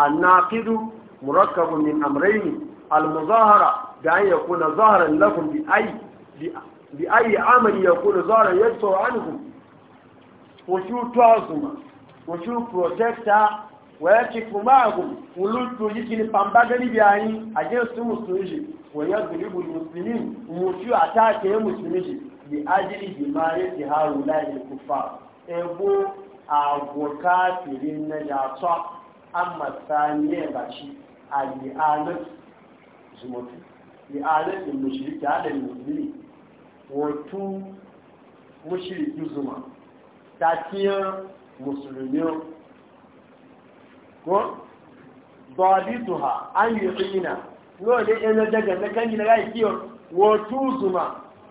الناقض مركب من أمرين المظاهرة بأن يكون ظاهرا لكم بأي بأي عمل يكون ظاهرا يدفع عنكم وشو تعظم وشو بروتكتا ويكف معكم ولدتوا يجري فانبغني بأي أجلس مسلمين wọ̀nyẹ́ gbìrìbù mùsùlùmí mùsùlùmí àtàkẹ́ mùsùlùmí jì bí ájírí jì máa yẹ ti ha rù láì lè kú fa ẹgbó àgùnká tìrí na yàtọ̀ àmàta ní ẹ̀bàṣí àlè alẹ́ zùmọ̀tì lè alẹ́ ti mùsùlùmí alẹ́ mùsùlùmí wọ́n tú mùsùlùmí zùmọ̀ tàtíyàn mùsùlùmí ko dọ̀ọ́dí tó ha á yẹ lóòdé ẹnu jẹjẹ mẹ́kànjì náà láìkí ọ wọ́tú zùmà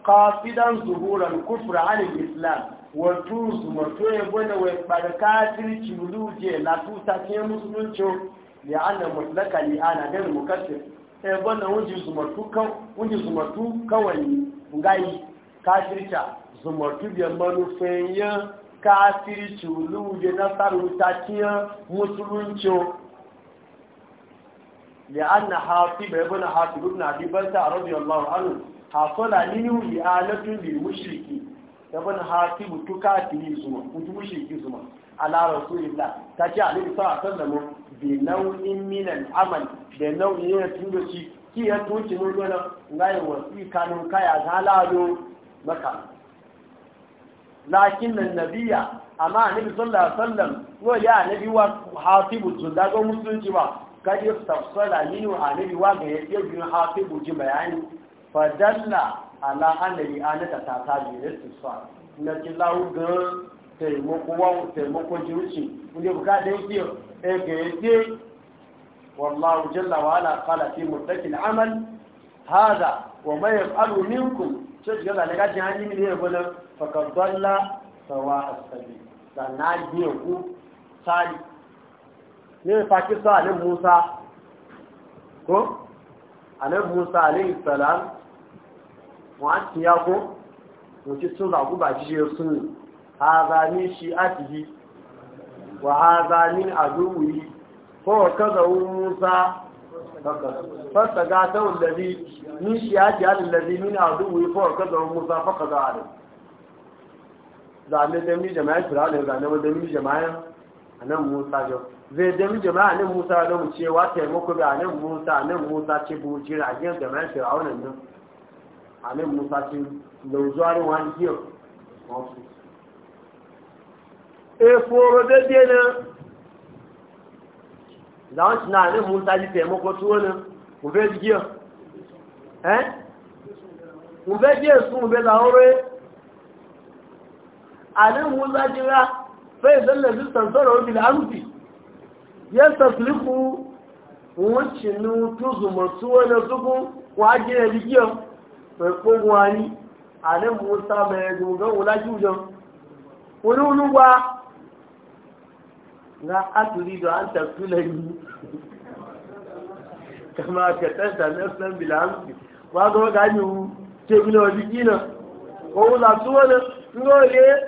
kọfídán zuhura kúfùrà á nìyí islam wọ́tú zùmà tó ẹgbẹ́ náà wẹ̀ pàdé káàkiri tìlú jẹ látúta tí ẹ mùsùlùmí ya ana ẹ da an na hafi bai guna hafi duk na dibanta a rabin allahu anu hafuna nini wuli a latin da mushriki da bin hafi mutu kafiri zuma mutu mushriki zuma a larar su illa ta ce a lalisa a san namu nau'in minan aman da nau'in yana tunoci ki ya tunci mun gona ngayon kanun kaya na lalo maka lakin nan nabiya amma a nabi sallallahu alaihi wasallam ko ya wa hafi da ga musulunci ba kad yastafsala minhu anabi wa ga yake bin hasibu ji bayani fa dalla ala annabi anata ta ta bi sa. na kilawu ga taimako wa taimako jiruci inda buka da yake e ga yake wallahu jalla wa ala qala fi mutlaqil amal hada wa ma yaf'alu minkum sai ga da ga jani ne ne gona fa kad dalla sawa as na sanadi ku sai ne pakistan alim musa ko alim musa alayhi salam wa tiya ko wuce sun zaku ba jije sun ha haza min shi'atihi wa ha haza min aduwi ko ka kaza musa fasta ga ta gata wallazi min shi'ati allazi min aduwi ko ka kaza musa fa kaza alim zane da mi jama'a fir'auna zane da mi jama'a a nan musa yau zai dami jama'a nan musa da mu cewa taimako bi a nan musa nan musa ce bu jiragen da mai fir'aunan nan a nan musa ce lauzuwarin wani yau wasu e foro da dena da wasu na nan musa ji taimako eh? su wani ube jigiya eh ube jiya su ube da hore a musa jira sai zalla zin tantara wa bil amsi ya tasliku wacce nu tuzu masu wani zubu wa ake da bigiyar mai kogowa ni a nan musa mai dogon wula jujon wani wani gwa na asiri da an tasula ni kama ka tasa na san bil amsi ba ga wa gani wu ce bilawa bigina ko wula su wani ngore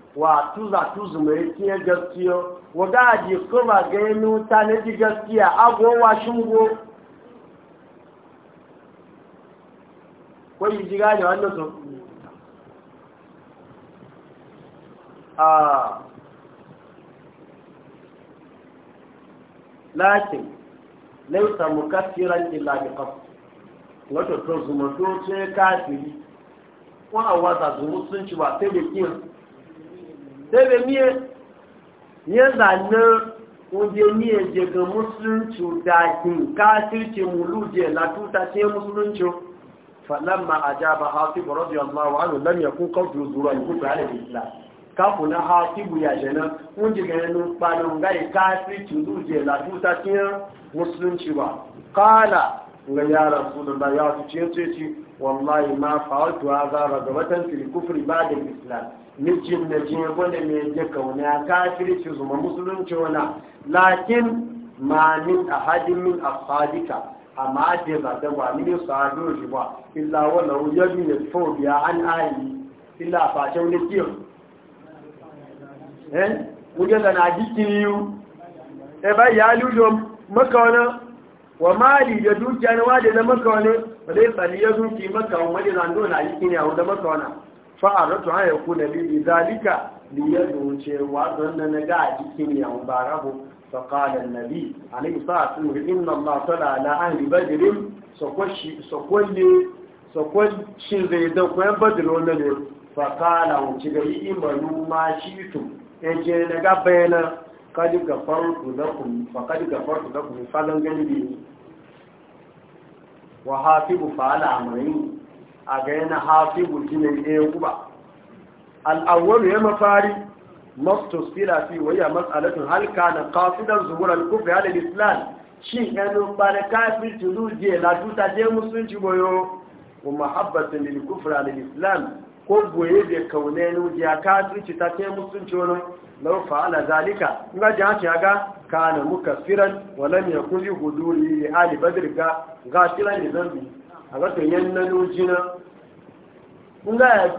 wa tuza tuzu mai tiye gaskiyo wa gaji kuma gani ta na ji gaskiya agowa shingo kwayi ji gane wannan su a lakin laisa mukaffiran illa bi qasd wato to zumato ce kafiri wa awata zumu sun ci ba sai sai miye ya zanen kunje miye je ga musulunci da kin kafirci muluje la tuta ce musulunci falamma ajaba hatib radiyallahu anhu lam yakun qawlu zuran kutu ala islam kafu na hatibu ya jana kunje ga nan balon gari kafirci muluje la tuta ce musulunci ba qala ga ya rasulullah ya ce ce wallahi ma fa'altu hadha ragabatan fil kufri ba da islam mijin na je wanda mai je kauna kafirci zuma musulunci wana lakin ma min ahadin min ashabika amma da ba da ba min sahado shi ba illa wala yabi ne fobia an ayi illa a ta wani kiyo eh muje da na yiwu, e ba ya ludo maka wani, wa mali da dukiya na wajen na maka wani ba dai tsali ya zuki maka wani zando na jikin yawo da maka wani. fa'aratu an ya kuna libi zalika da ya zuce wa zanna na ga a jikin yawon barabu faƙalar nabi a na isa a tsohon inna ma tana ala an riba jirin shi zai da kwayan badiro na ne faƙala wuce ga yi imanu ma shi tu ya ce na ga bayana kadi gafar ku da ku falon gani biyu wa hafi bu fa'ala amarin a ga yana hafi gujinin ɗaya guba al'awwalu ya mafari maftus filafi waya matsalatin halka na kafidan zuhurar kufi halin islam shi ɗanin bane kafin tulu je tuta je musulunci boyo wa mahabbatin lil kufra halin islam ko goye da kaune nuji a kafirci ta ke musulunci wani laufa ala zalika nga ji haka ya ga kana muka firan walam ya kuli huduri ali ga ga ne zambi a kasa yan na nojina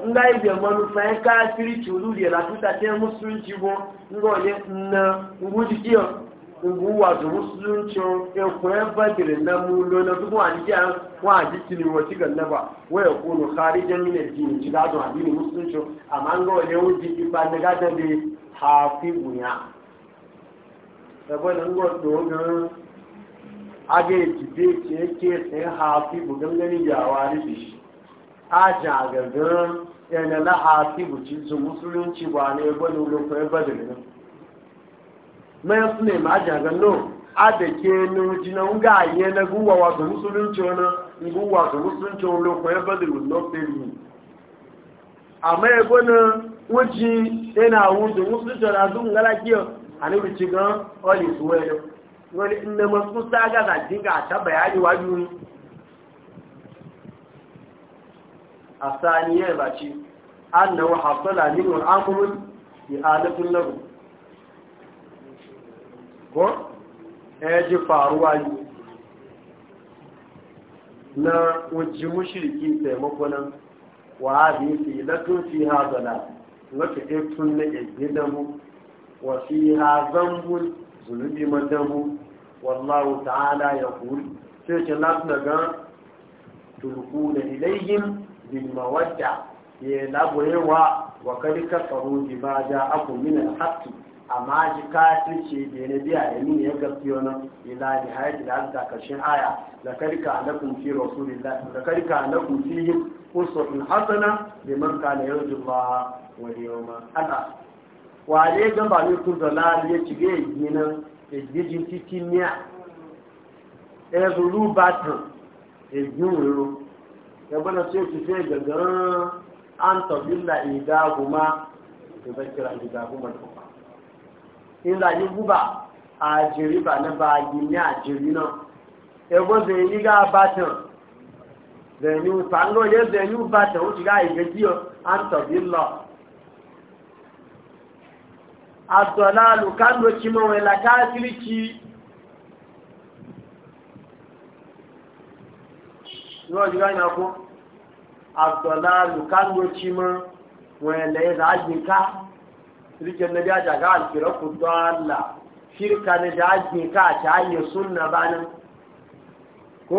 nga ibe manufa yan kafiri culu da lafuta ta yi musulunci bu nga onye na nguji kiyo ngu wato musulunci ya kuwa badirin na mulo na duk wani kiya wa jiki ne wata ganna ba waya kono kharijan min addini ci gado addini musulunci amma nga onye wuji ba na gada da hafi buya saboda nga wato aga ejide ce yake tsaye hafi bugan gani yawa rufe shi aja na hafi buci su musulunci ba ne gwani rufe ya bada ma aja gano a da ke nuji na nga yi na guwa wasu musulunci wani guwa su musulunci wani rufe ya na no peri wani inda masu saga zajin ga ta bayani wajen a saniyar ba ce an na hasala ne wa amurin ya alifin lagu ko ya ji faruwa yi na wajen sai taimakonan wa abin fi latin fi hazala wata ɗin tun na ƙirgin damu wa fi hazan zunubi madamu wallahu ta'ala ya kuri sai ce lati daga turku da ilayhim bil mawadda ya laboyewa wa kadi kafaru bi ma ja'akum min al haqqi amma ji kafin ce da na biya da ni ya gaskiyo wani. ila ni hayati da ta karshen aya la karika lakum fi rasulillah la karika lakum fi uswatun hasana liman kana yarju Allah wal yawma al akhir wa ne gaba ne kun da la ya yi yinan èjìjì títí ní à ẹrù rúbàtàn èjì òróró ẹgbọ́n náà tí ó ti fẹ́ gẹ̀gẹ̀rán àǹtọ̀bílà ìdáàgùnmá ìbẹ̀kẹ̀rà ìdáàgùnmá ìfọ̀pá ìlà yìí gúbà àjèrí bà náà bá yí ní àjèrí náà ẹgbọ́n zẹ̀ yí gá bàtàn zẹ̀ ní ìfà ńlọ yẹ zẹ̀ ní ìbàtàn ó ti gá ìgbẹ́jì àǹtọ̀bílà adọ̀láàlù kánò kí mọ́ wọn ìlà káàkiri kí yóò jíra ìnà fún adọ̀láàlù kánò kí mọ́ wọn ìlà ìlà àgbìnká ríkẹ́ nàbí àjàgá alfẹ́rẹ́ kò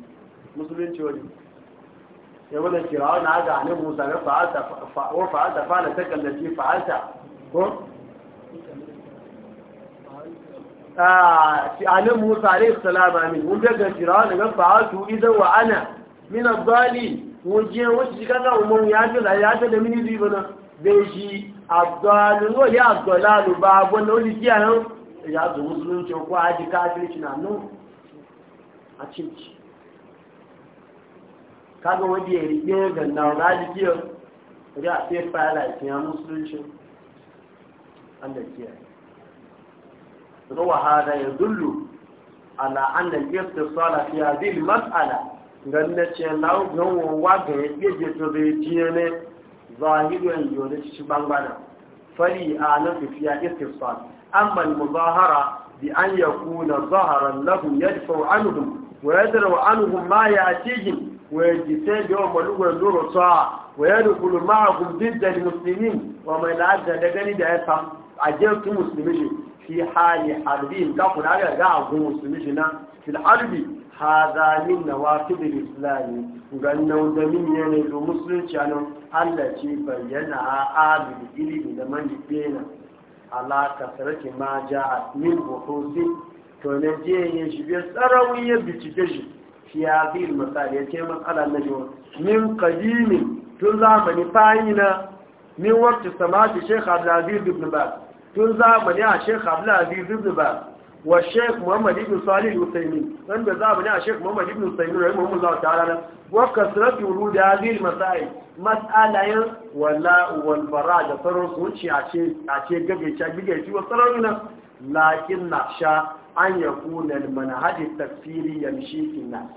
musulunci wani ya wani kirawa na ga ne musa ga wa fa'alta fa la takallafi fa'alta ko a alim musa alayhi salam amin mun daga kirawa ga fa'altu idan wa ana min adali mun je wuce kaga umman ya ji da ya ce da mini bi na. bai shi abdalu wani ya abdalu ba wannan wani kiyayen ya zo musulunci ko aji kafirci na nan a cinci kaga wanda ya riƙe ganna na jikiyar da a sai fara ya musulunci an da kiyar ruwa hada ya dullu ala annan iftisala fi hadhihi al-mas'ala ganna ce lawo gawo wa ga yake to bai tiye ne zahirin yone shi bangana fali ala fi iftisal amma al-muzahara bi an na zaharan lahu yadfa anhum wa yadra anhum ma ya'tihim wejitege wa mwalugu ya zuru saa wa yadu kulumaa kumbinta ni muslimin wa mailaadza ndagani da epa ajew tu muslimishi fi hali harbi mtaku na aga gaa huu muslimishi na fil harbi hadha minna wakidi l'islami nganna udamini ya nilu muslim chano alla chi bayana aabili ili ina mani pena ala kasarati maja atmin buhuzi tonejie yejibia sarawiye bichigeji في هذه المسائل كما قال النجوى من قديم تنظام نفاينا من وقت سماعه الشيخ عبد العزيز بن باز تنظام يا شيخ عبد العزيز بن باز والشيخ محمد بن صالح الحسيني عند زمان يا الشيخ محمد بن الحسيني رحمه الله تعالى وكثرت ورود هذه المسائل مساله ولا والبراء ترى سوتشي اشي اشي غبي شي غبي شي وترون لكن نقشا ان يكون المنهج التكفيري يمشي في الناس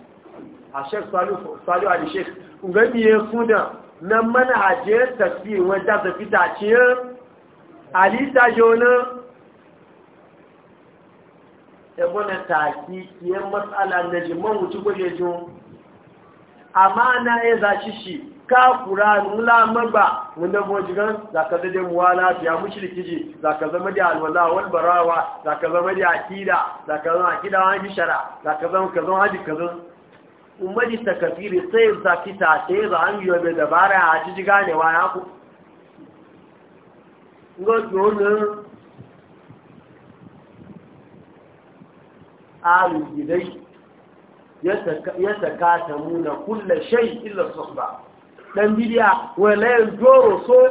a shek salu ali shek ngami ya suna na manhajiyar tafiyar wadda ta fita ce ta jona ebola taki yan matsala na jiman wuce gwaje jo amma na ya zaci shi ka kura nula magba wanda bojigan za ka zade muwa lafiya mushriki ji za ka zama da alwala wal barawa za ka zama da akida za ka zama akida wani shara za ka zama ka zama haji ka zama umari ta kafiri sai za ki ta ce ba an yi wabe dabara a jiji ganewa ya ku ga tsohonin alu gidai ya saka ta muna kulle shai illa ba ɗan bidiya walayen doro so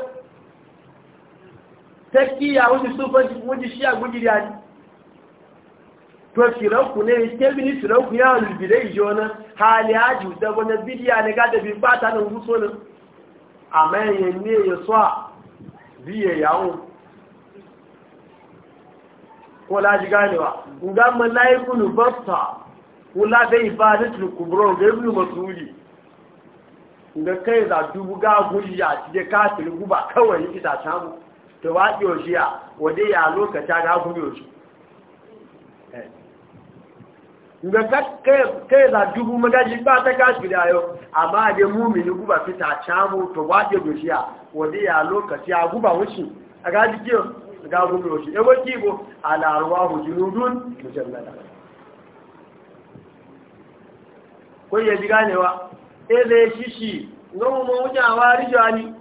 ta kiya wani sufa wani shiya gudiriya ne to shiranku ne ke mini shiranku ya lulbire ijo na, hali haji da wani bidiya ne ga da bi bata nan guso nan a mayan ne ya so biye yawon ko laji ganewa ngamman layi kunu basta kula da ibadatul kubro ga ibnu masudi da kai za dubu ga guri ya cije kafin guba kawai ita samu to wa kiyo shi ya wade ya lokata ga guri shi ga kai za dubu magaji ba ta kashi da yau amma da mumini guba fita camu to waje gushiya wadda ya lokaci a guba wuce a gaji kiyo ga guba wuce yawon kibo a laruwa hujjinudun mujallada kun yaji ganewa eze shishi nomu mawujawa rijani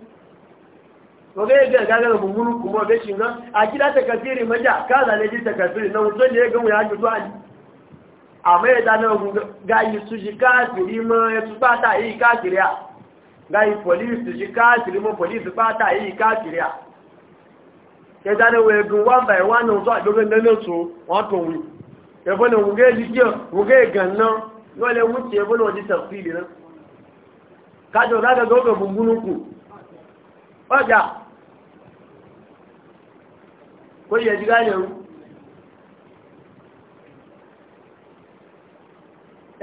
waga ya gaga daga mummuru kuma ga shi nan a gida takasiri maja kaza ne ji takasiri na wuce ne ya gamu ya hajji zuwa ne àmọ́ ẹ̀dá náà gáyì súnṣì káàkiri mọ́ ẹtù pátá yìí káàkiri à gáyì pọ̀lísì sí káàkiri mọ́ pọ̀lísì pátá yìí káàkiri à ẹ̀dá náà wọ ẹ̀gùn one by one náà tó àdókè lẹ́nà tó wọ́n tó wù ẹ̀fọ́ náà wùgé jíjẹ́ wùgé gànná wọ́n lè mú ti ẹ̀fọ́ náà ti sàfíìlì náà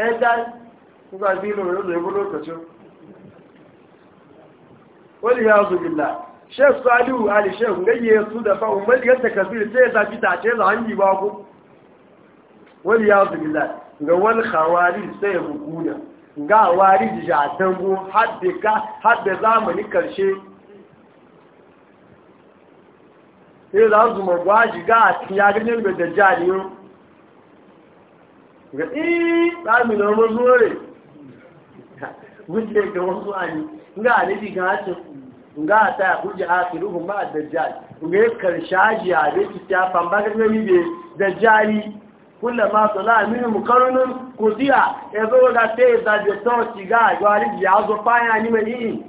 ɗan kuka zino yau da yabo lokacin wani ya zubi na salihu ali shek gayye su da fa'un wani yadda kasir sai ya zafi ta ce za ba ku wani ya zubi ga wani hawari sai ya ga da zamani karshe sai ga a cikin yaganin ga ii eh, tsami na mazu ware wuce ga wasu ani nga a nabi ga hacin nga a ta hujji a firuhun ma a dajjal nga ya karshaji a da ki ta famba ga gani da dajjali kula ma su la mini mukarunin kusiya ya zo ga ta yi zaje sauci ga a gwari ya zo fanya ni mai yi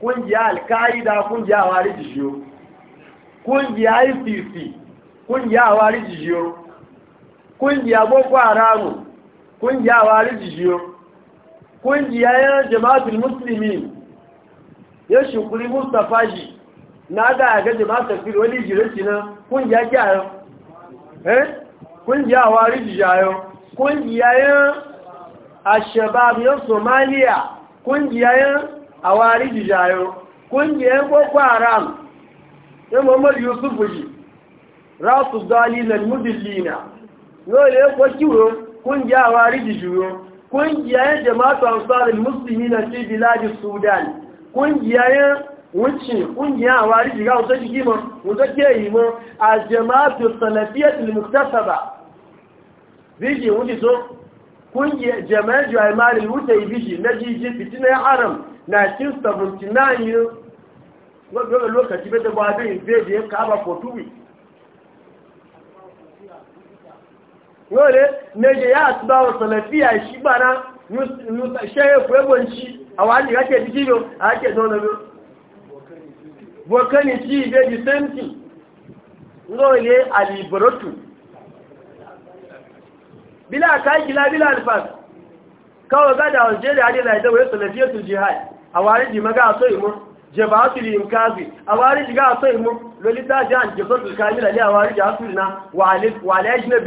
kungiya alka'ida kungiya wari jijiyo kungiya icc kungiya wari jijiyo kungiya boko haramu kungiya wari jijiyo kungiya ya jama'atul musulmi ya shukuri mustapha shi na ga ga jama'atul fil wani jirarci na kungiya kyayo eh kungiya wari jijiyo kungiya ya ashabab ya somaliya kungiya ya awari jijiyo kungiya ya boko haram ya muhammad yusuf shi rasu dalilan mudillina dole ko kiwo kungiya wariji juyo kungiyayen jama'atu ansarin musulmi na fi biladi sudan kungiyayen wuce kungiya wariji ga wata jiki ma wata ke yi ma a jama'atu salafiyatul muktasaba biji wuce so na lokaci bai da ba bai zai da ya kaba 42 yore meje ya asbawa salafiya shi bana shaye kwebon shi a wani ake dikiyo a ake zaune biyu bokani ci zai ji senti ngole alibarotu bila kagila bila alfas kawai gada da a a mu a jiga a soyi mu lolita jihar jisotul kamila ne a wani jihar na wa alaji na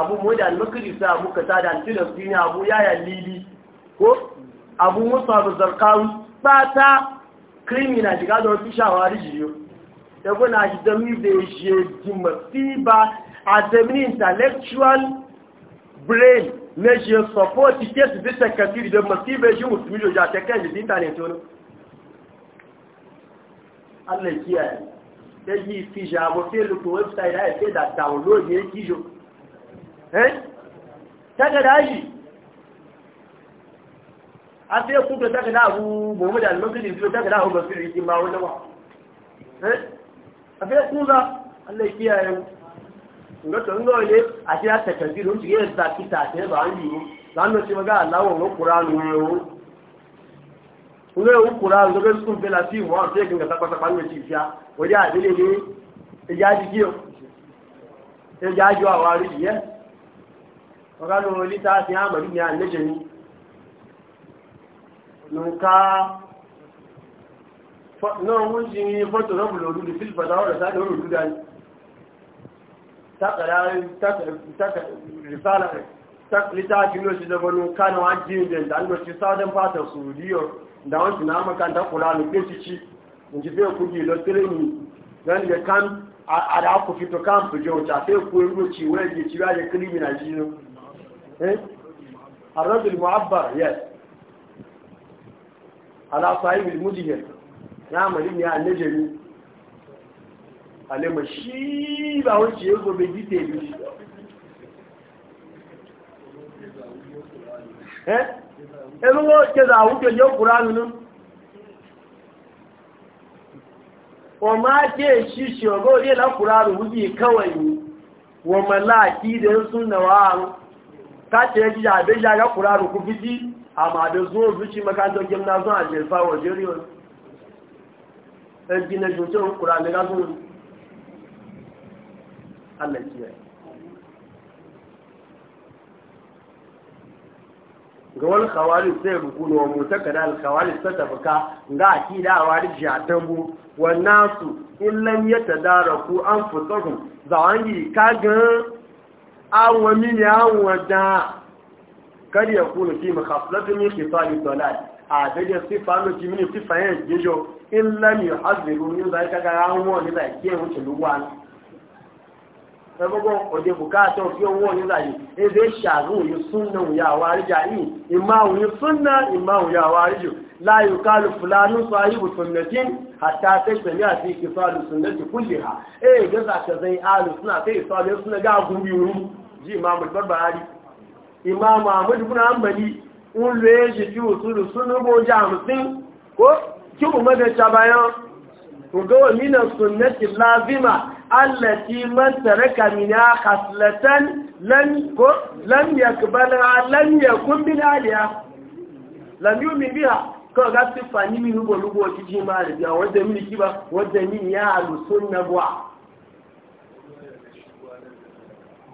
abu mu da al-makri sa abu kasa da al-filastin abu yaya libi ko abu musa da zarqawi fata criminal diga da wasu shawari jiyo da kuna shi da mi da shi jimasiba a temini intellectual brain na shi support case bisa kafiri da masiba shi musulmi da ta kan da internet wani Allah kiyaye sai yi fi jabo sai lukuwa website da ya ce da download ne kijo takada eh? shi a sai ku ga takada abu muhammad al-masri su takada abu basir yake ma wani ba a sai ku za Allah kiyaye mu ga tun a shi ta kanzi don jiye da kita ta ba an yi zan no ci maga Allah wa Qur'an ne yo ne o Qur'an do ga sun bela ti wa sai kin ta ci fiya waje a dole ya ji kiyo ya ji wa wari ọ̀gálò lítà sí àmàrí ní àlẹ́jẹ̀ ní nǹka náà wọ́n jí ní fọ́tò rọ́bù lòrú lè fílì pàtàkì ọ̀rọ̀ sáàdì orò lúdá ní lítà jí ló ṣe zọba ní kánà wá jí ìdẹ̀ ìdánilò ti southern part of sudio da wọ́n ti náà makanta kura ní pé ṣíṣí njí fẹ́ kú jí lọ tẹ́lẹ̀ ní lẹ́nu yẹ kán wẹ́ẹ̀dì tí wáyé kírímì nàìjíríà الرجل eh? المعبر yes على صاحب المدير نعم لم يعنجل alema shi ba wacce gobe gite ne eh ẹnu wọ́n kẹta àwúkẹ yóò kúrò nínú wọ́n máa jẹ́ ṣíṣe ọgọ́ orí ẹ̀lá kúrò rùn wúbí kawai wọ́n mọ̀ láàkí ìdẹ̀ kace ya gida abin ya ga kuraru ku fiti amma da zo zuci makarantar gimnazon a jirfa wa jeriyon ɗan gina jutun kuraru ga zuwa allah kiyaye ga wani kawari sai na wa mutaka da alkawari ta tafika ga da a wari tambu. wannan su illan ya tadara ku an fitaru za wani kagin awon mini awon da kar ya kuna fi makhaflatu min khisali a daje sifa no ki mini sifa yen jejo in lam ni da ka ga awon ni da ke mu ci luwa ẹgbogbo òde bukata fi owó ní láyé ebe ṣàrùn yìí súnnà òyà àwárí jà yìí ìmáhùn yìí súnnà ya la yukalu fulanun sahibu sunnatin hatta tajtami fi kifalu sunnati kulliha eh gaza ka zai alu suna kai salu suna ga gumbiru ji imam al-barbahari imam ahmad ibn hanbali un le ji ko kibu bayan ko ga min sunnati lazima kawai ga su fani min rubo rubo shi ji ma da biya wadda mini kiba wadda min ya alu sunna buwa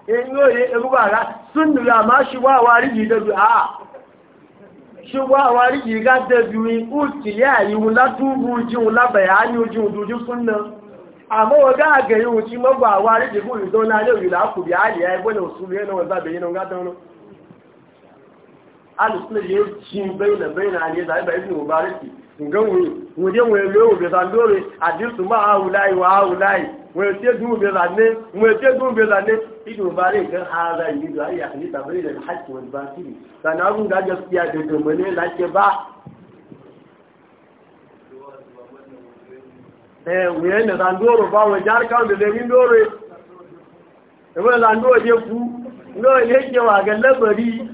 in yau ne ya ruba ra sun nuna ma shi wa wari ji da biyu a shi wa wari ji ga da biyu uti ya yi wula tubu ji wula bayani ji wujudu sunna amma wa ga ga yi wuci magwa wari ji ko yi zauna ne yi la ku biya ya yi bane wasu biya na wanda bayyana ga da wani alùsùn yìí ṣí bẹ́ẹ̀nà bẹ́ẹ̀nà àní ẹ̀dà ìbà ìbìn òbárìkì ǹgánwò ìwòdé wọn èlò òbẹ̀sà lórí àdínsùnmọ́ àwùláì wà àwùláì wọn ètí ẹ̀dùn òbẹ̀sà ní wọn ètí ẹ̀dùn òbẹ̀sà ní ìdùn òbárìkì kan ara ìlú ayé àní tàbí ìlẹ̀ hajj wọn bá kiri sànà àwọn ìdájọ́ fi àgbègbè mọ́ ní láti bá. ẹ wòye nà sàndóró fáwọn járkàn lè ní lórí ìwé sàndóró yẹ kú lórí yẹ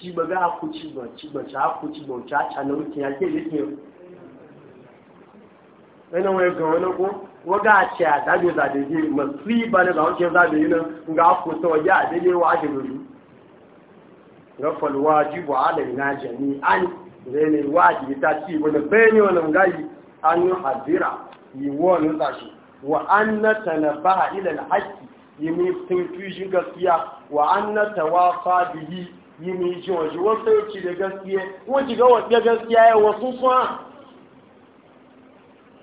cigba ga ku cigba cigba ta ku cigba ta ta na wuce ya ke yake ina wai ga wani ko waga a dabe za da yi masu ba na ga wancan za da yi nan ga ku ta waje a daidai wa ake gudu rafal wajibu ala ina jami'an zai ne wajibi ta ci wani bayani wani gayi an yi hazira yi wani zashi wa an na tanabaha ilal haƙƙi yi mai sun fi gaskiya wa an na tawafa bihi yi mai ji waje wasu ya ci da gaskiya wajen ga wadda gaskiya ya wasu suwa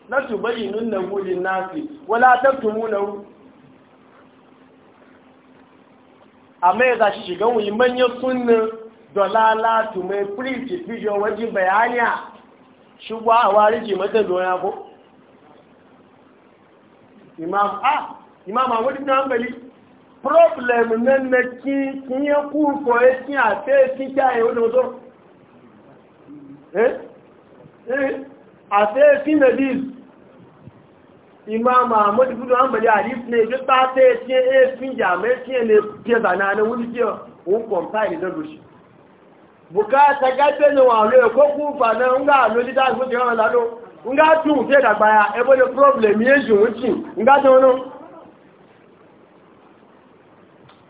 na su bayi nun na gudun nasi wala ta tumu na A mai za shi shiga wuyi manyan sunna dalala tumai priti fijo wajen bayaniya shugwa a wari ke mata doya ko imam a ah, imam a wadda na hankali problem nan na ki kinye ku ko e ki a te ki ta e wani wato eh eh a te ki na dis imam ahmad ibn hanbali hadith ne ji ta te ki e fi e, ja me ki e ne ke bana na wuri ki o compile da dushi bukata ga te ne wa re ko ku fa na nga lo di ta so ti ran la lo nga tun te dagba ya e bo le problem ye ju nti nga to no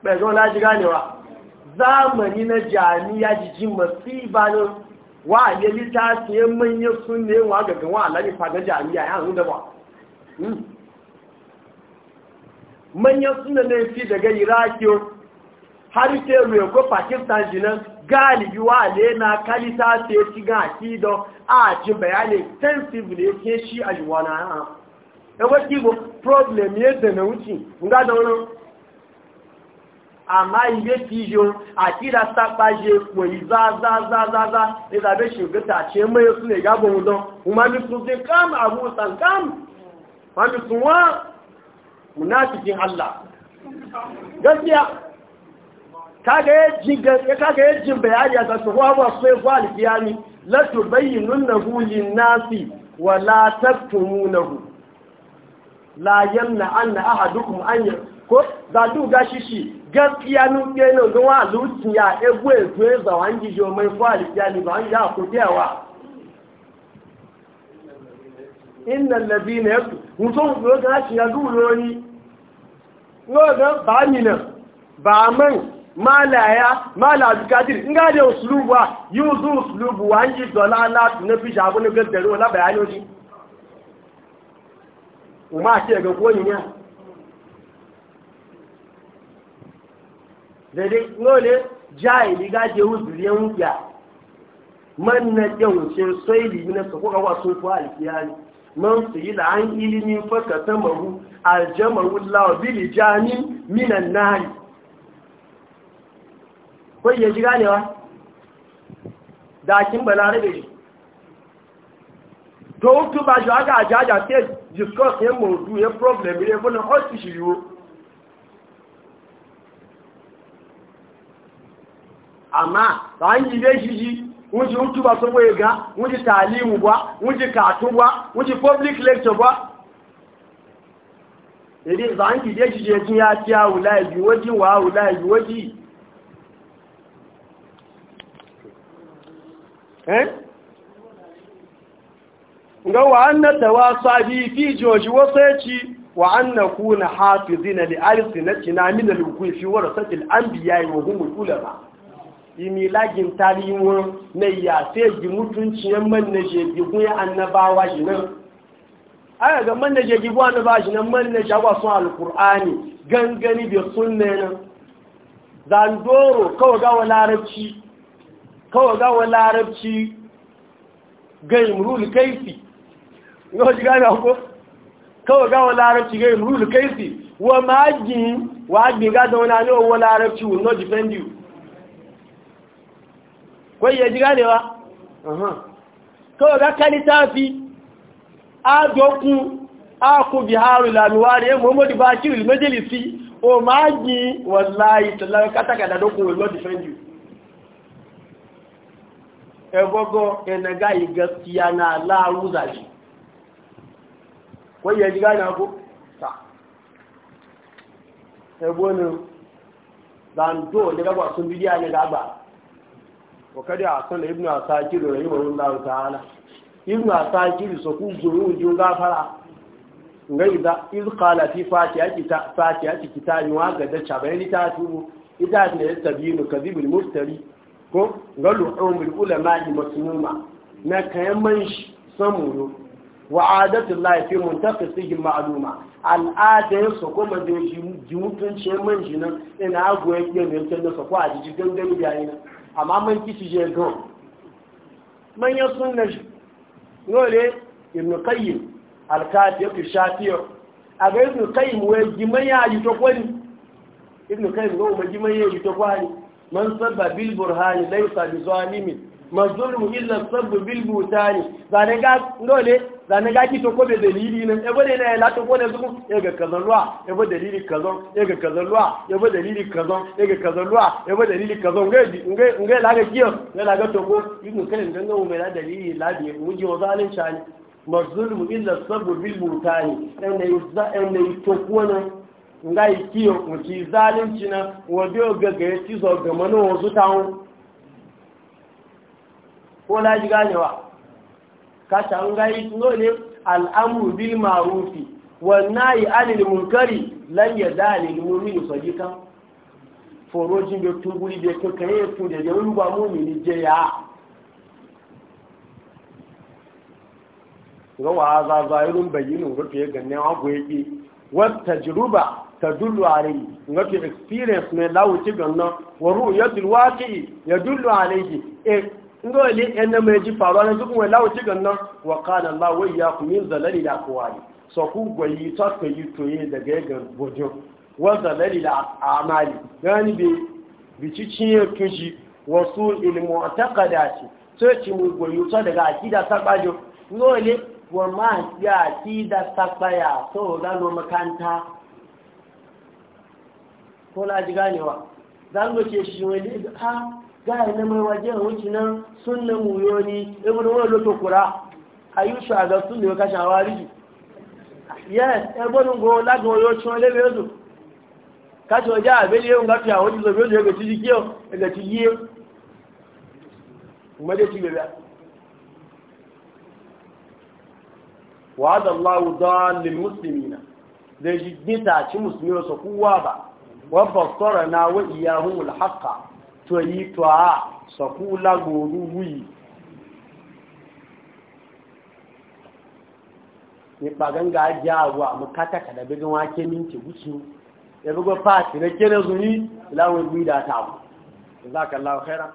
na ji ganewa zamani na ji jiji masibanin wa a yi littafi ya manyan sun ne wa gaggan wa alari fagar jami ya hannu da ba hmm. manyan suna na fi daga irakiyo har ke ruwa ko pakistan jinan galibi wa ne na kalita ta ya ci gaki don a ji bayani extensive ne ke shi a yiwa na ha ya wasu problem yadda na wuce ga da wani àmá ilé tí yíò àkíra sápá yẹ pò ìzázázázáza ìzàbẹ́ ṣùgbẹ́ta àti ẹmọ́ yóò tún lè ohun dán ní tún sí káàmù àwọn sàǹkáàmù wọ́n ní tún wọ́n munafikin Allah gaskiya kaga yajin bayani a sai an ko za du gashi gaskiya nuke na wa zuciya egwu ezu eza wa ji jo mai ba an yi aku inna labi na yaku mutum su yau gashi ya duro ga ba ni nan ba man malaya mala abdulkadir nga da uslubu yi uzu wa nji dolala na fi shabu na gaddaro ce ga ya. dade ngole Jai, ga je uzuriyan wuya man na jawucin soili na su kuka wa sun kuwa alkiyani man su yi la'an ilimin faka ta mahu aljamaru lawa bili jamin minan nari kwai ya ji ganewa dakin balarabe shi to hutu ba shi aka ajaja sai discuss yin du ya problem ya funan otu shi yiwu amma ba a yi wọ́n shi ji wuce hutu ba wọ́n waye tààlìmù bá wọ́n ba kààtù katu ba wuce public lecture ba yadda ba a yi shi je ya ciya a wùlá waji wa wula yi waji eh ga wa annan tawasabi fi joji wasaci wa anna hafizina li alsinatina min al-kufi wa ba. imi lagin tarihin na iya sai ji mutunciyar man na jeji annabawa shi nan aka ga manna na annabawa shi nan manna na shagwa sun alkur'ani gangani da sunne nan zandoro kawai gawa larabci kawai gawa larabci ga imrul kaifi yau ji gane ko kawai gawa larabci ga imrul kaifi wa ma'ajin wa ajin gada wani alewa larabci will not defend you kwai ya ji ganewa kawai ga kalita fi a dokun a ku biharu laluwari ya eh, muhammadu bakir ilmajalisi o ma gi wallahi tallar kataka da dokun will not defend you egogo enaga yi gaskiya na laru zaji kwai ya ji ganewa ko ta ebonin zando daga ne وقد أحسن ابن عساكر رحمه الله تعالى ابن عساكر سكون زرون جوغا فرع غيظا إذ قال في فاتحة فاتحة كتاب وعقد شبين تاتوه إذا أتنا يستبين كذب المفتري ko ga lu'umul ulama masnuma na kayan man samuro wa adatul lahi fi muntaqisihi ma'luma al'adar su kuma da ji mutunce man jinan ina agwaye ne ne tunda ko a ji gangan yayin amma man kici je gan manyan sunna shi nole ibn qayyim al-kati yake shafiyo a ga ibn qayyim wai giman ya yi to kwani ibn qayyim ga umma giman ya yi to kwani man sabba bil burhani laysa bi zalimin mazlumu illa sabbu bil butani zane ga nole zane gaki to ko da dalili nan ebe ne na ya lato ko ne zuku ya ga kazan ruwa dalili kazan ya ga kazan ruwa ebe dalili kazan ya ga kazan ruwa ebe dalili kazan ga ji nga nga la ga kiyo ya la ga to ko ibnu kalim dan mu mai dalili la bi mu ji wazalin shani mazlum illa sabr bil mutani dan ne ne to ko nga yi kiyo mu zalunci na wa ga ga ci zo ga wasu ko la ji ganewa kasha an gari suno ne al'amru bil ma'rufi wan yi anil munkari lan yadali sojika sadiqa foroji be da ke ko kaye tun de ba mu mu'mini je ya ga wa za zairun bayinu rufe ganne agwe yake wata jiruba ta dullu rai ngati experience ne lawo ci ganna wa ru'yatul waqi'i yadullu alayhi e ngo le yanda mai ji faruwa na duk wai lawo cikin nan wa qala allah wa iyyakum min zalali da aqwali so ku gwayi ta ka yi toye da ga bojo wa zalali da amali yani bi biciciye wa wasu ilmu ataqadati sai ci mu gwayi ta daga akida ta bajo ngo le wa ma ya akida ta baya so da no makanta ko la ji ganewa zango ce shi wani ha gaya na mai waje a wuce nan sun na muyoni ibn wani loto kura a yi su a ga sun da ya kashe hawa rigi yes ẹgbọ́n go lágbọn yóò tún ẹlẹ́bẹ̀ẹ́ ọdún káṣọ ọjá àbẹ́lẹ́ ohun gáfíà àwọn ojúzọ a ó jẹ́ ẹgbẹ̀tí jíkí ọ yau yíé ìmọ́dé yau, bẹ̀rẹ̀ wàádọ̀ láwù dán lè mùsùlùmí na lè ṣì gbé tààtí mùsùlùmí ọ̀sọ̀ kú wà bà wọ́n bọ̀ sọ́rọ̀ náà wọ́n ìyá hun tó yí tó a sọ̀kú lágbòrú wùyí nípa ganga ajá àwọ̀ àmú kátàkàdà bí gan wá ké ní ti wùsù ẹgbẹ́gbẹ́ pàtì rẹ̀ kéré zùn yí láwọn ìgbì ìdàtàwọ̀ ìzákàláwọ̀ kẹ́ra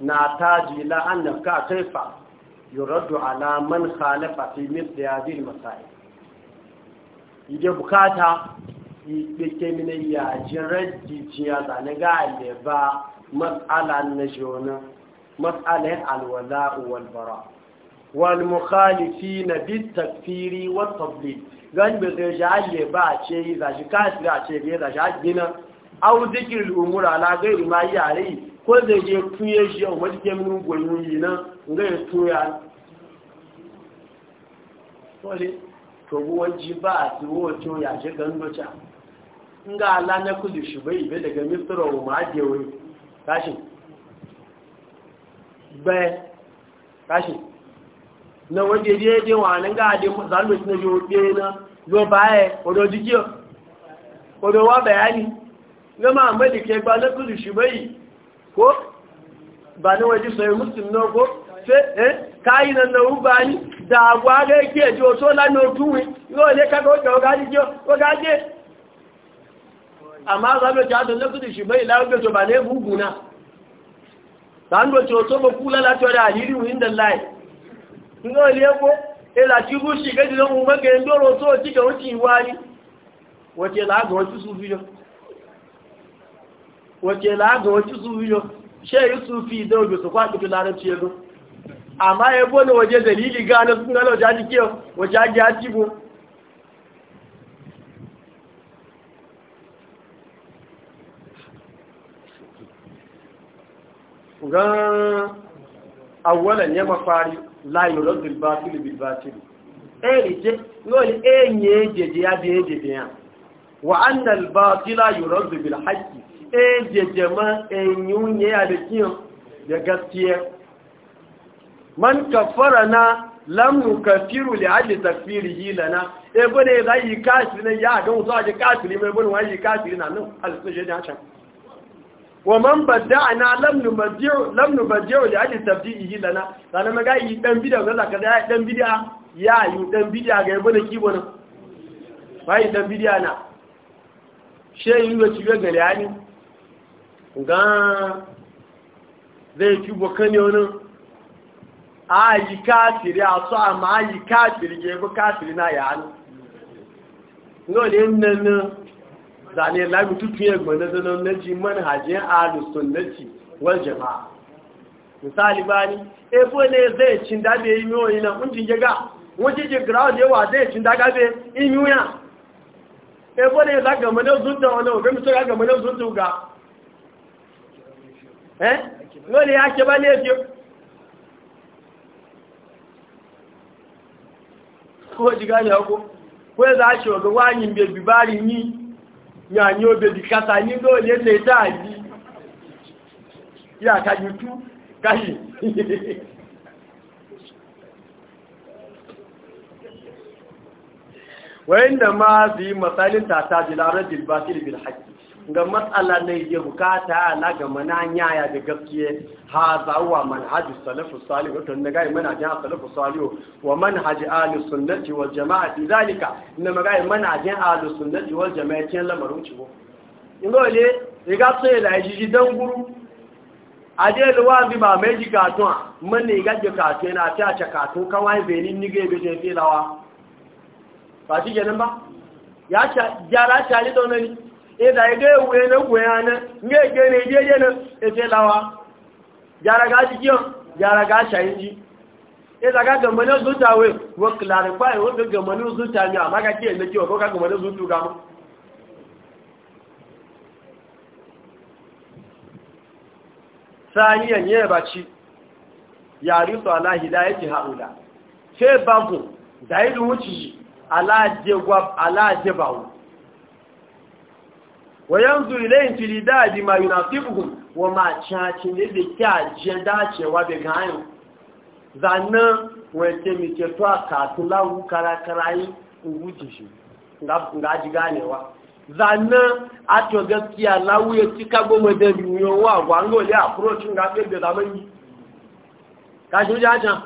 na taji la annab ka kaifa yuraddu ala ikpeke mine ya jirar jijiya zane ga ba matsala na shona matsalin alwala walbara wal mukhalifi na bit takfiri wa tabli gan be zai ja ba a ce yi zashi kasira a ce be zashi agina au zikir umura la gairi ma yare ko zai je kuye shi a wani kemini gwanu na gaya ga ya tuya to buwanci ba a tuwo to ya shi gandocha Nga ga Allah na shi bai, bai daga misra wa ma'ajewa tashi bai tashi na waje je je wa nan ga de zalo na jo be na lo bae odo dikio odo wa bayani ga ma amadi ke ba na shi bai ko ba na waje sai muslim no ko sai eh kai nan na ubani da agwa ga ke jo so la no tuwi yo le ka go ga ga jo ga je amma za mu ta a kudi shi bai lawo beto ba ne na san do to ba kula la da aliri win da lai ngo le ko e la ti bu shi ga di eh, don umma ga ndoro wace la ga wuci su yo, wace la ga wuci su yo, she yi su fi da obi su kwa kitu amma ya waje dalili ga na sun jaji kiyo waje gan awalan e e ya mafari layin rọ́gbìn bátìlì bí bátìlì ẹ̀rì jẹ́ lórí ẹ̀yẹ ya bí ẹjẹjẹ e ya wà annal bátìlá yìí rọ́gbìn bí haƙi ẹjẹjẹ ma ẹ̀yìn yẹ alikiyan da man kafara na lamnu kafiru da aji tafiri yi lana ebe ne za yi kafiri ya ga mutu aji kafiri mai gudun wani yi na nan alisun shi ya can wa man badda'ana lam nubaddi'u lam nubaddi'u li ajli tabdi'ihi lana sanan maga yi dan bid'a ga zaka da dan bid'a ya yi dan bid'a ga yabo da kibo na bai dan bid'a na sheyi ne ci ga gare ani ga zai ci bokani wani a yi kafiri a so amma a yi kafiri ga yabo kafiri na ya hannu no ne nan zane lami tutu ya gbana zanen naji manhajin alusun naji wal jama'a misali bani efo ne zai cin dabe yi miyo yi na kunjin gaga wajen je ground yawa zai cin daga be yi miyo efo ne za gama na zunta wani oga mito ya gama na zunta ga eh lori ya ke ba ne fiye ko jiga ne hako ko ya za a ce wa ga wani bebibari ni ya ni o be dikata ni do le le taji ya ka ju tu ka yi wa inna ma fi masalin ta ta jilarajil batil bil haqqi ga matsala na ya bukata ala ga mana nyaya da gaskiye ha zawa manhaji salafu salih wato na gai jin salafu salih wa manhaji ahlus sunnati wal jamaa fi zalika na mana jin ahlus sunnati wal jamaa kin lamarin ciwo ne? riga so ya ji dan guru aje luwa bi ba mai jika to mun ne ga jika to na ta ta katon kawai bai ni ga bi je filawa ba shi kenan ba ya gyara shali da wani ida ga ewe na gwe ana nga eke na eje na ete lawa jara ga ji kiyo jara ga sha inji ida ga gamba na zuta we wa klare ba e wo gamba na zuta ni amma ga kiyo na kiyo ko ga gamba na zutu ga mu saniyan ye baci ya risu ala hidayati haula sai babu zaidu wuci ala je gwab ala je bawo Wayanzu zuri layin cili ma yunafiqun wa ma chacin da da kya je dacewa da gayan zannan wace mi ke to aka tulawu karakarai uguji shi ga ji ganewa zannan a to gaskiya ya cika goma da biyu wa gwango ya approach ga fe da zaman ka shi wajen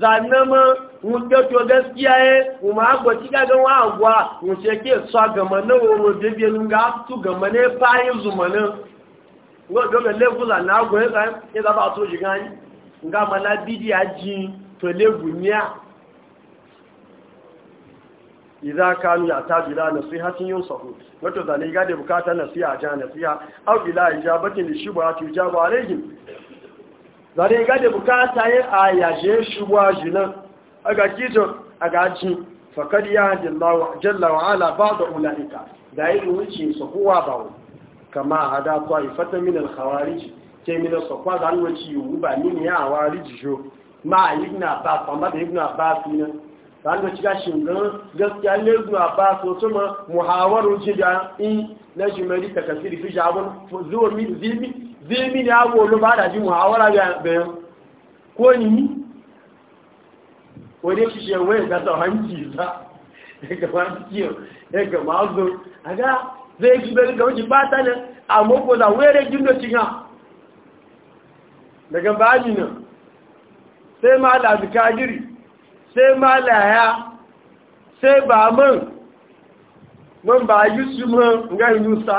zannan ma wuce gaskiya ye kuma agwa kika ga wa agwa wuce ke so gama na woro tu gama ne fayi zumana ngo do na agwa e san e da ba to jigani nga mala bidi aji to le gunya idza kanu ya tabila nasihatin yunsahu wato zane ga da bukatar ja alaihim zane ga da bukatar jinan aga kijo aga ji fakad ya jallahu jalla wa ala ba'da ulaika da yi wuce su kowa ba kama hada ifata min al-khawarij ke min su kwa da wuce yu ba min ya warij jo ma ibn abbas amma da ibn abbas ne dan ga shin ga gaskiya ne ibn abbas so kuma muhawaru ji da in na jimari kasiri fi jabun zuwa min zimi zimi ne abu lo ba da ji muhawara ga bayan ko ni wani shi shi waya ga ta hanci za daga masu daga mazo a ga zai yi bai ga wajen bata ne a mako za were gindo cinya daga baji nan sai ma da zikadiri sai ma laya sai ba man man ba yi su man ga yi nusa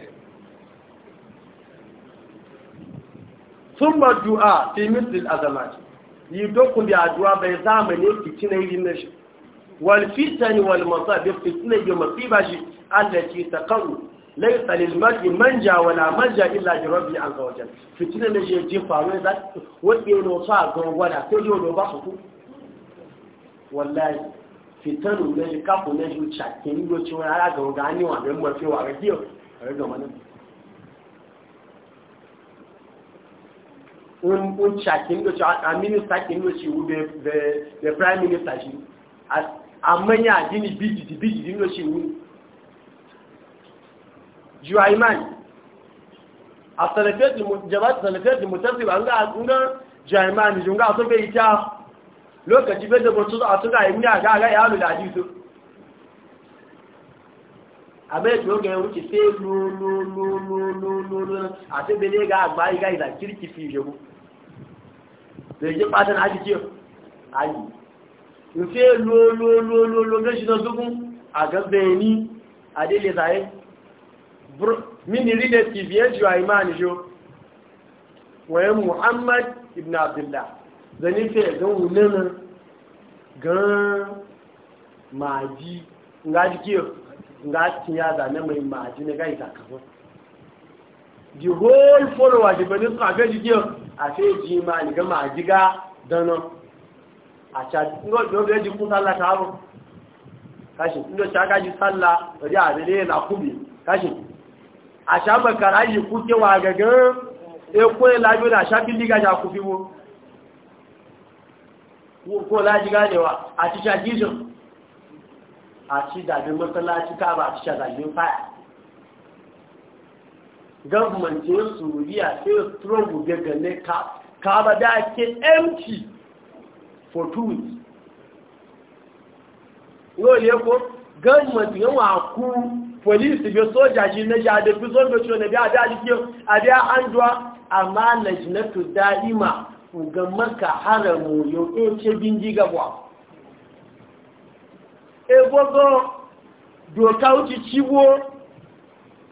sun ba du'a fi mislil azamati yi dokun da addu'a bai zamani fitina yi na shi wal fitani wal masabir fitina yi masiba shi allati taqaru laysa lil mar'i manja wala manja illa bi rabbi azza wa jalla fitina ne je je faru da wadi no sa ga wada sai yo do ba su ku wallahi fitanu ne ka ku ne ju chakin yo ci wa ga ga ni wa be mu fi wa ga kiyo ga ga manan un shakin da shi a minista da shi prime minister shi a manya gini bigidi bigidi da shi wuni juwa a salafiyar da mutasir an ga akunga juwa junga a sobe ita lokaci bai da batu a suka yi miya ga ya da hadisu abẹ́ tí ó gẹ̀ lèyí pàtàkì láti kí ayì ìfẹ́ lóòlóòlóòló méjìdá zúgún àgbẹ̀ ní adélẹ́sàáyé mini relative yẹ́ jù àìmá nìṣó wọ́n muhammad ibn abdullah zane fẹ́ gan wunan gan maji nga jikiyo nga tiyaza na mai maji na gaisa kafin the whole followers ìpẹ̀lú sún àfẹ́ jíjí ọ̀ àfẹ́ ìjì ma nìkan ji jígá dáná a kún sálà káàrùn káṣìn ní ọ̀ṣà kájí sálà ọ̀dí àrílẹ̀ ìlàkúbì káṣìn àṣà mẹ́kàrá yìí kú kéwà gẹ̀gẹ́n ekú ìlàjú ní àṣà bí lígájà kú fi wo kó lájígá nìwà àti ṣàjíjọ àti dàbí ka àti káàbà àti ṣàdàbí fáyà gwamnatin suriya sai strogu gagane ka ka ba da ke empty for two weeks yóò lè kó gọ́ọ̀mọ̀tì yóò wà kú polisi bí na já dé fi sójà ṣe na bí a dá a àmà na na tó dá ìmà ga maka mu yóò ṣe bí doka wuce ciwo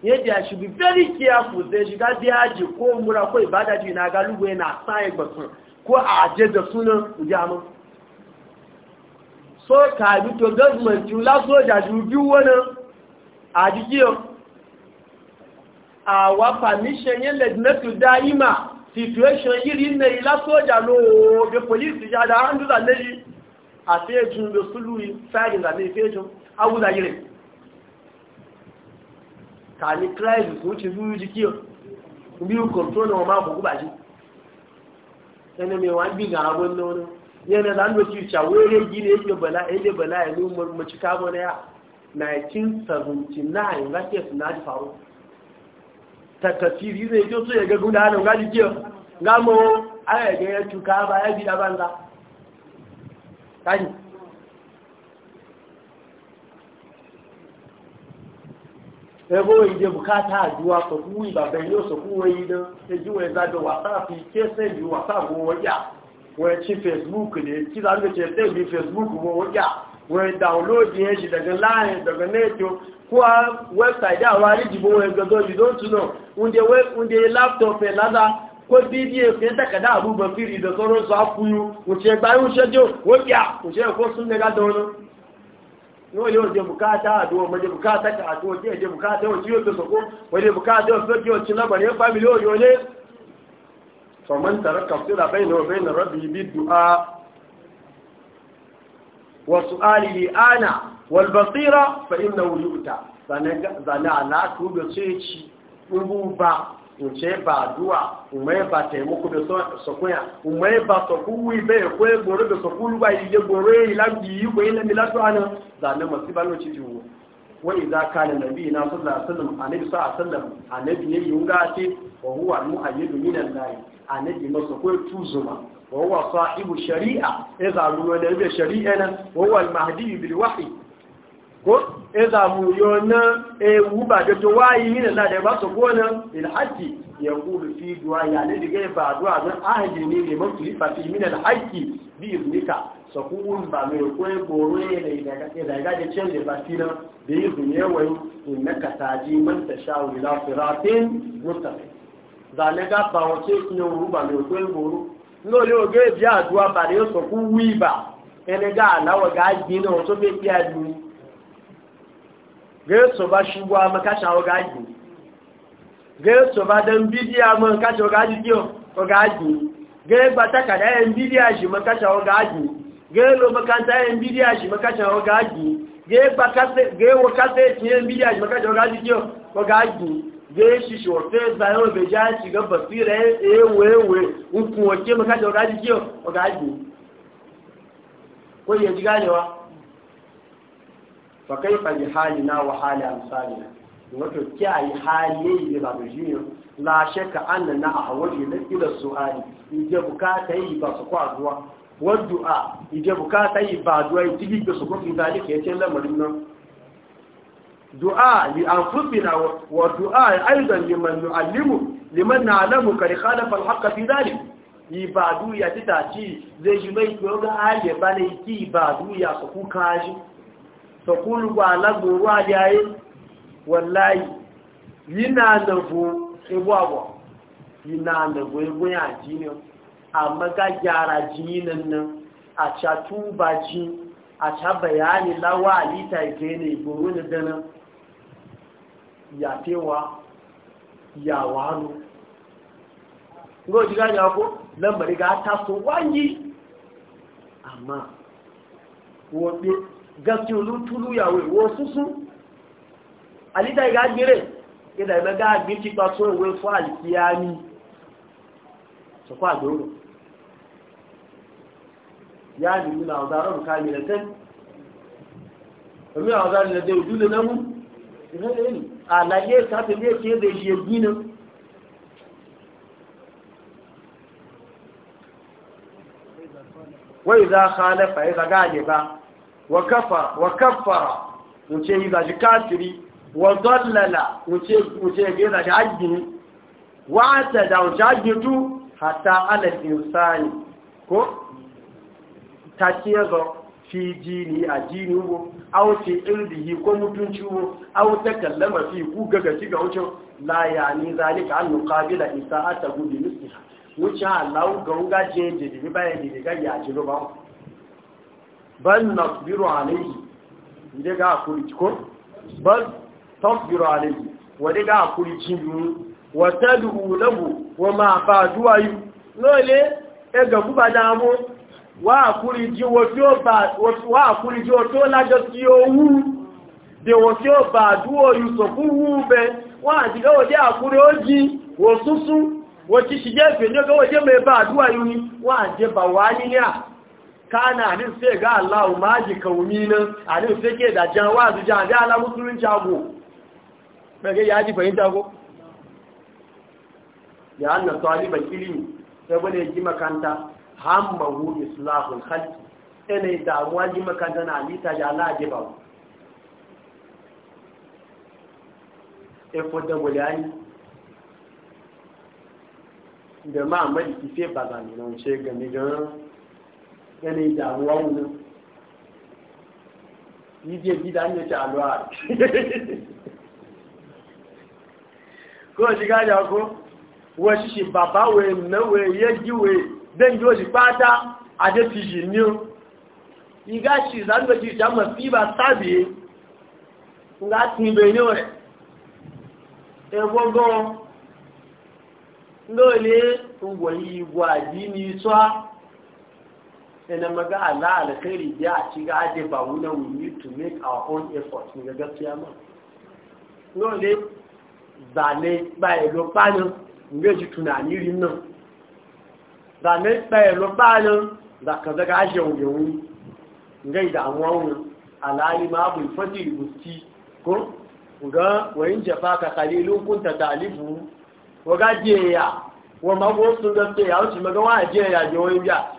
yadda I should be very careful da shiga daji ko mura ko ibada ji na galubu yana sa'in batun ko a aje da sunan ujamu so ka bi to government ju la soja ju bi wona a jikiyo a wa permission yin legislative daima situation yiri na ila soja lo be police ja da handu da leji a fejun be sulu sai da ne fejun awu da yiri kàní kíláìsì kò ti rú jíkí ọ bí o kọ̀tọ́ náà máa bọ̀ gbàjú ẹni mi wá bí gàá bọ́ náà náà yẹn náà láńdọ̀ tí ìṣàwó eré yìí ní èdè bọ̀lá èdè bọ̀lá ẹ̀lú mọ̀tí káàbọ̀ náà 1979 láti ẹ̀sìn náà ti fàwọ́ tàkàtì rí ní ètò tó yẹ gẹ́gùn dáa náà gájú kí ẹgbẹ́ ìdè bukata àjúwà sọ̀kú ìbàbẹ̀ yóò sọ̀kú wẹ́yí náà ẹjú wọ́n ìzájọ wàtàfi kéṣẹ́ ìlú wàtàfi wọ́n yà wọ́n ẹ̀kí facebook ní tí lálùkẹ́ tẹ́lú facebook wọ́n yà wọ́n ìdáwọlóòdì ẹ̀ṣì dẹ̀gẹ̀ láàrin dẹ̀gẹ̀ lẹ́ẹ̀tọ́ kó a wẹ́bsáìdì àwọn aríjìbò wọn ẹgbẹ̀gbẹ̀ yìí ló ń túnà oúnjẹ láptọ̀pù ẹ̀ ládá kó dídí èfin tẹ̀kẹ̀dá àbúgbọ̀ fìrì ìdọ̀sọ́rọ̀ sọ àkúyú òṣègbà ìhúnṣẹ́jọ́ wọ́n yà òṣèkó súnmẹ́gádọ́nà yóò yóò jẹ bukata àdúwọ̀ mọ̀jẹ bukata ka àtúwọ̀ jẹ́ ìjẹ bukata yóò tí yóò tó sọ̀kó mọ̀jẹ bukata yóò fẹ́ kí o ti e lọ́gbọ̀n yóò pàmì yóò yóò lé fọ̀mọ́n tàrà kàfíra bẹ́yìn náà bẹ́yìn rọ́bì ibi du'a wasu alihi ana walbasira fa na wuyuta zane ala ube ce ci ubu ba nce ba duwa ume ba taimako da sokuya ume ba soku wi be ko e goro da soku lu ba ile goro e la bi ko ile mi ana da na masiba no ci juwo wa idza kana nabi na sallallahu alaihi wasallam annabi sallallahu alaihi wasallam annabi ne yunga ce wa huwa mu'ayyidu min allahi annabi masa ko tuzuma wa huwa sahibu shari'a idza ruwa da shari'a nan wa huwa al-mahdi bil wahyi ko e samu yona e wuba da to wayi ni da da ba su gona il ya qulu fi du'a ya ne diga ba du'a dan ahli ne ne mun tulifa fi min al haqqi bi ibnika so kun ba mai ko e boro ne da da da ga e da cin da batina da yi dunye wayi innaka taji man tashawu ila siratin mustaqim da ne ga ba wace ne wuba mai ko e boro no le oge bi adu'a ba ne so ku wiba ene ga alawa ga gina o so be gẹ́ẹ̀sọ̀ bá ṣubú a mọ́ káṣà ọgá jù gẹ́ẹ̀sọ̀ bá dán bídí a mọ́ káṣà ọgá jù kí ọgá jù gẹ́ẹ̀gbà takàdá ẹn bídí a ṣì mọ́ káṣà ọgá jù gẹ́ẹ̀lọ mọ́kántà ẹn bídí a ṣì mọ́ káṣà ọgá jù gẹ́ẹ̀wọ kásẹ̀ tí ẹn bídí a ṣì ajụjụ káṣà fa kaifa bi halina wa hali amsalina wato kiyaye hali ne ba da shi la shakka annana a hawaje na ila su'ali ije bukata yi ba su kwa zuwa waddu'a ije bukata yi ba duwa yi tigi ga su kofin zalika ya ce lamarin nan du'a li anfusina wa du'a aidan liman nu'allimu liman na'lamu kad khalafa al-haqq fi ba ibadu ya ci. zai ji mai ko ga hali ba ne ki ba ya su kuka ji tokulugu alagboro adiaye wallahi yina anagbo egbo agbo yina anagbo egbo ya jini amma ga gyara jini nan nan a chatu ji, a cha bayani lawa alita ike ne igboro ne dana yatewa yawaru ngoji gaji ako lambari ga taso wangi amma wọ́n gaske olúntúlú yàwó ìwọ súnsún àlítà ìgá gbére ìdà ìmẹ́gá àgbí pípa tó ìwé fún àlìkí á ní sọ̀kọ́ àgbòrò yá ní ìlú àwọn ọ̀dá ọ̀rùn káàmì rẹ̀ tẹ́n omi àwọn ọ̀dá ìrìnlẹ̀ ojúlé lẹ́mú àlàyé ìsátẹ̀lẹ́ kí é wọ́n ìdá kan lẹ́fà ìgbàgá àjẹ̀bá wa kafara wa kafara wuce yi zaji kafiri wa dallala wuce wuce yi zaji hajji wa ta da wuce hajji tu hatta alal insani ko ta ce yazo fi jini a jini wo aw fi irdihi ko mutunci wo aw ta kallama fi ku gaga ci ga wucin la yani zalika an nuqabila isa'ata bi misliha wuce Allah ga ugaje je dibi bayan dibi ga ya ji ba bal nasbiru alayhi ide ga akuri ko bal tasbiru alayhi wa de ga akuri chibu wa tad'u lahu wa ma fadu ayu lole e ga ku badamu wa akuri ji wo ti o ba wa akuri ji o to lajo ti owu de wo ti o ba duwo yu so ku wu be wa ti ga wo de akuri oji wo susu wo ti sije fe ni ga wo je me ba duwa yu ni wa je ba wa ni ni a kana nin sai ga Allahu maji kaumi nan anin sai ke da jawa zu ja da Allah musulunci ago Ba ya yaji fahimta ko ya anna taliban ilimi sai bane ji makanta hammahu islahul khalq ene da waji makanta na alita ja Allah ji ba e fodda bulani da ma mai kife bazani nan ce ga ni gan yana damuwa wunan yi je gida ya ci alwa ko shiga ya ko wọ́n ṣíṣe bàbá wẹ̀ náwẹ̀ yẹ́gíwẹ̀ dẹ́yìn yóò sì pátá adéfìṣì ní o ìgá ṣì ìsànlọ́jì ìjàmọ̀ sí ìbá sáàbì ńgá tí ibẹ̀ ní rẹ̀ ẹgbọ́gbọ́n lóòlé ìwọ̀ ìwọ̀ àjí ní ina maga Allah alkhairi biya a ci gaje ba wuna we need to make our own effort ni ga gaskiya ma no le ba ne ba e lo pa nan nge ji tunani rin nan ba ne ba e lo pa nan da ka daga aje wuye wuni ngai da amwa wuni alali ma bu fati gusti ko ga wayin jafa ka qalilun kunta ta'lifu wa gaje ya wa mago sun ya? wuce maga wa je ya je wayin biya.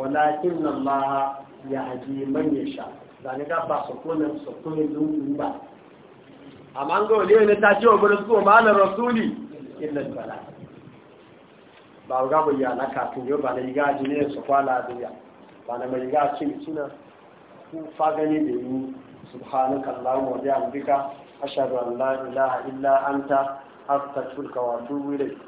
walakin Allah ya haji man ya sha zane ka ba sokonin sokonin dungun ba amma an gawa ne ta ce wa gudu su ma rasuli illa bala ba ga mu ya na kafin yau ba na yi gaji ne su kwala duniya ba na mai gaji suna ku fa gani da yi subhanaka allahumma wa bihamdika ashhadu an la ilaha illa anta astaghfiruka wa atubu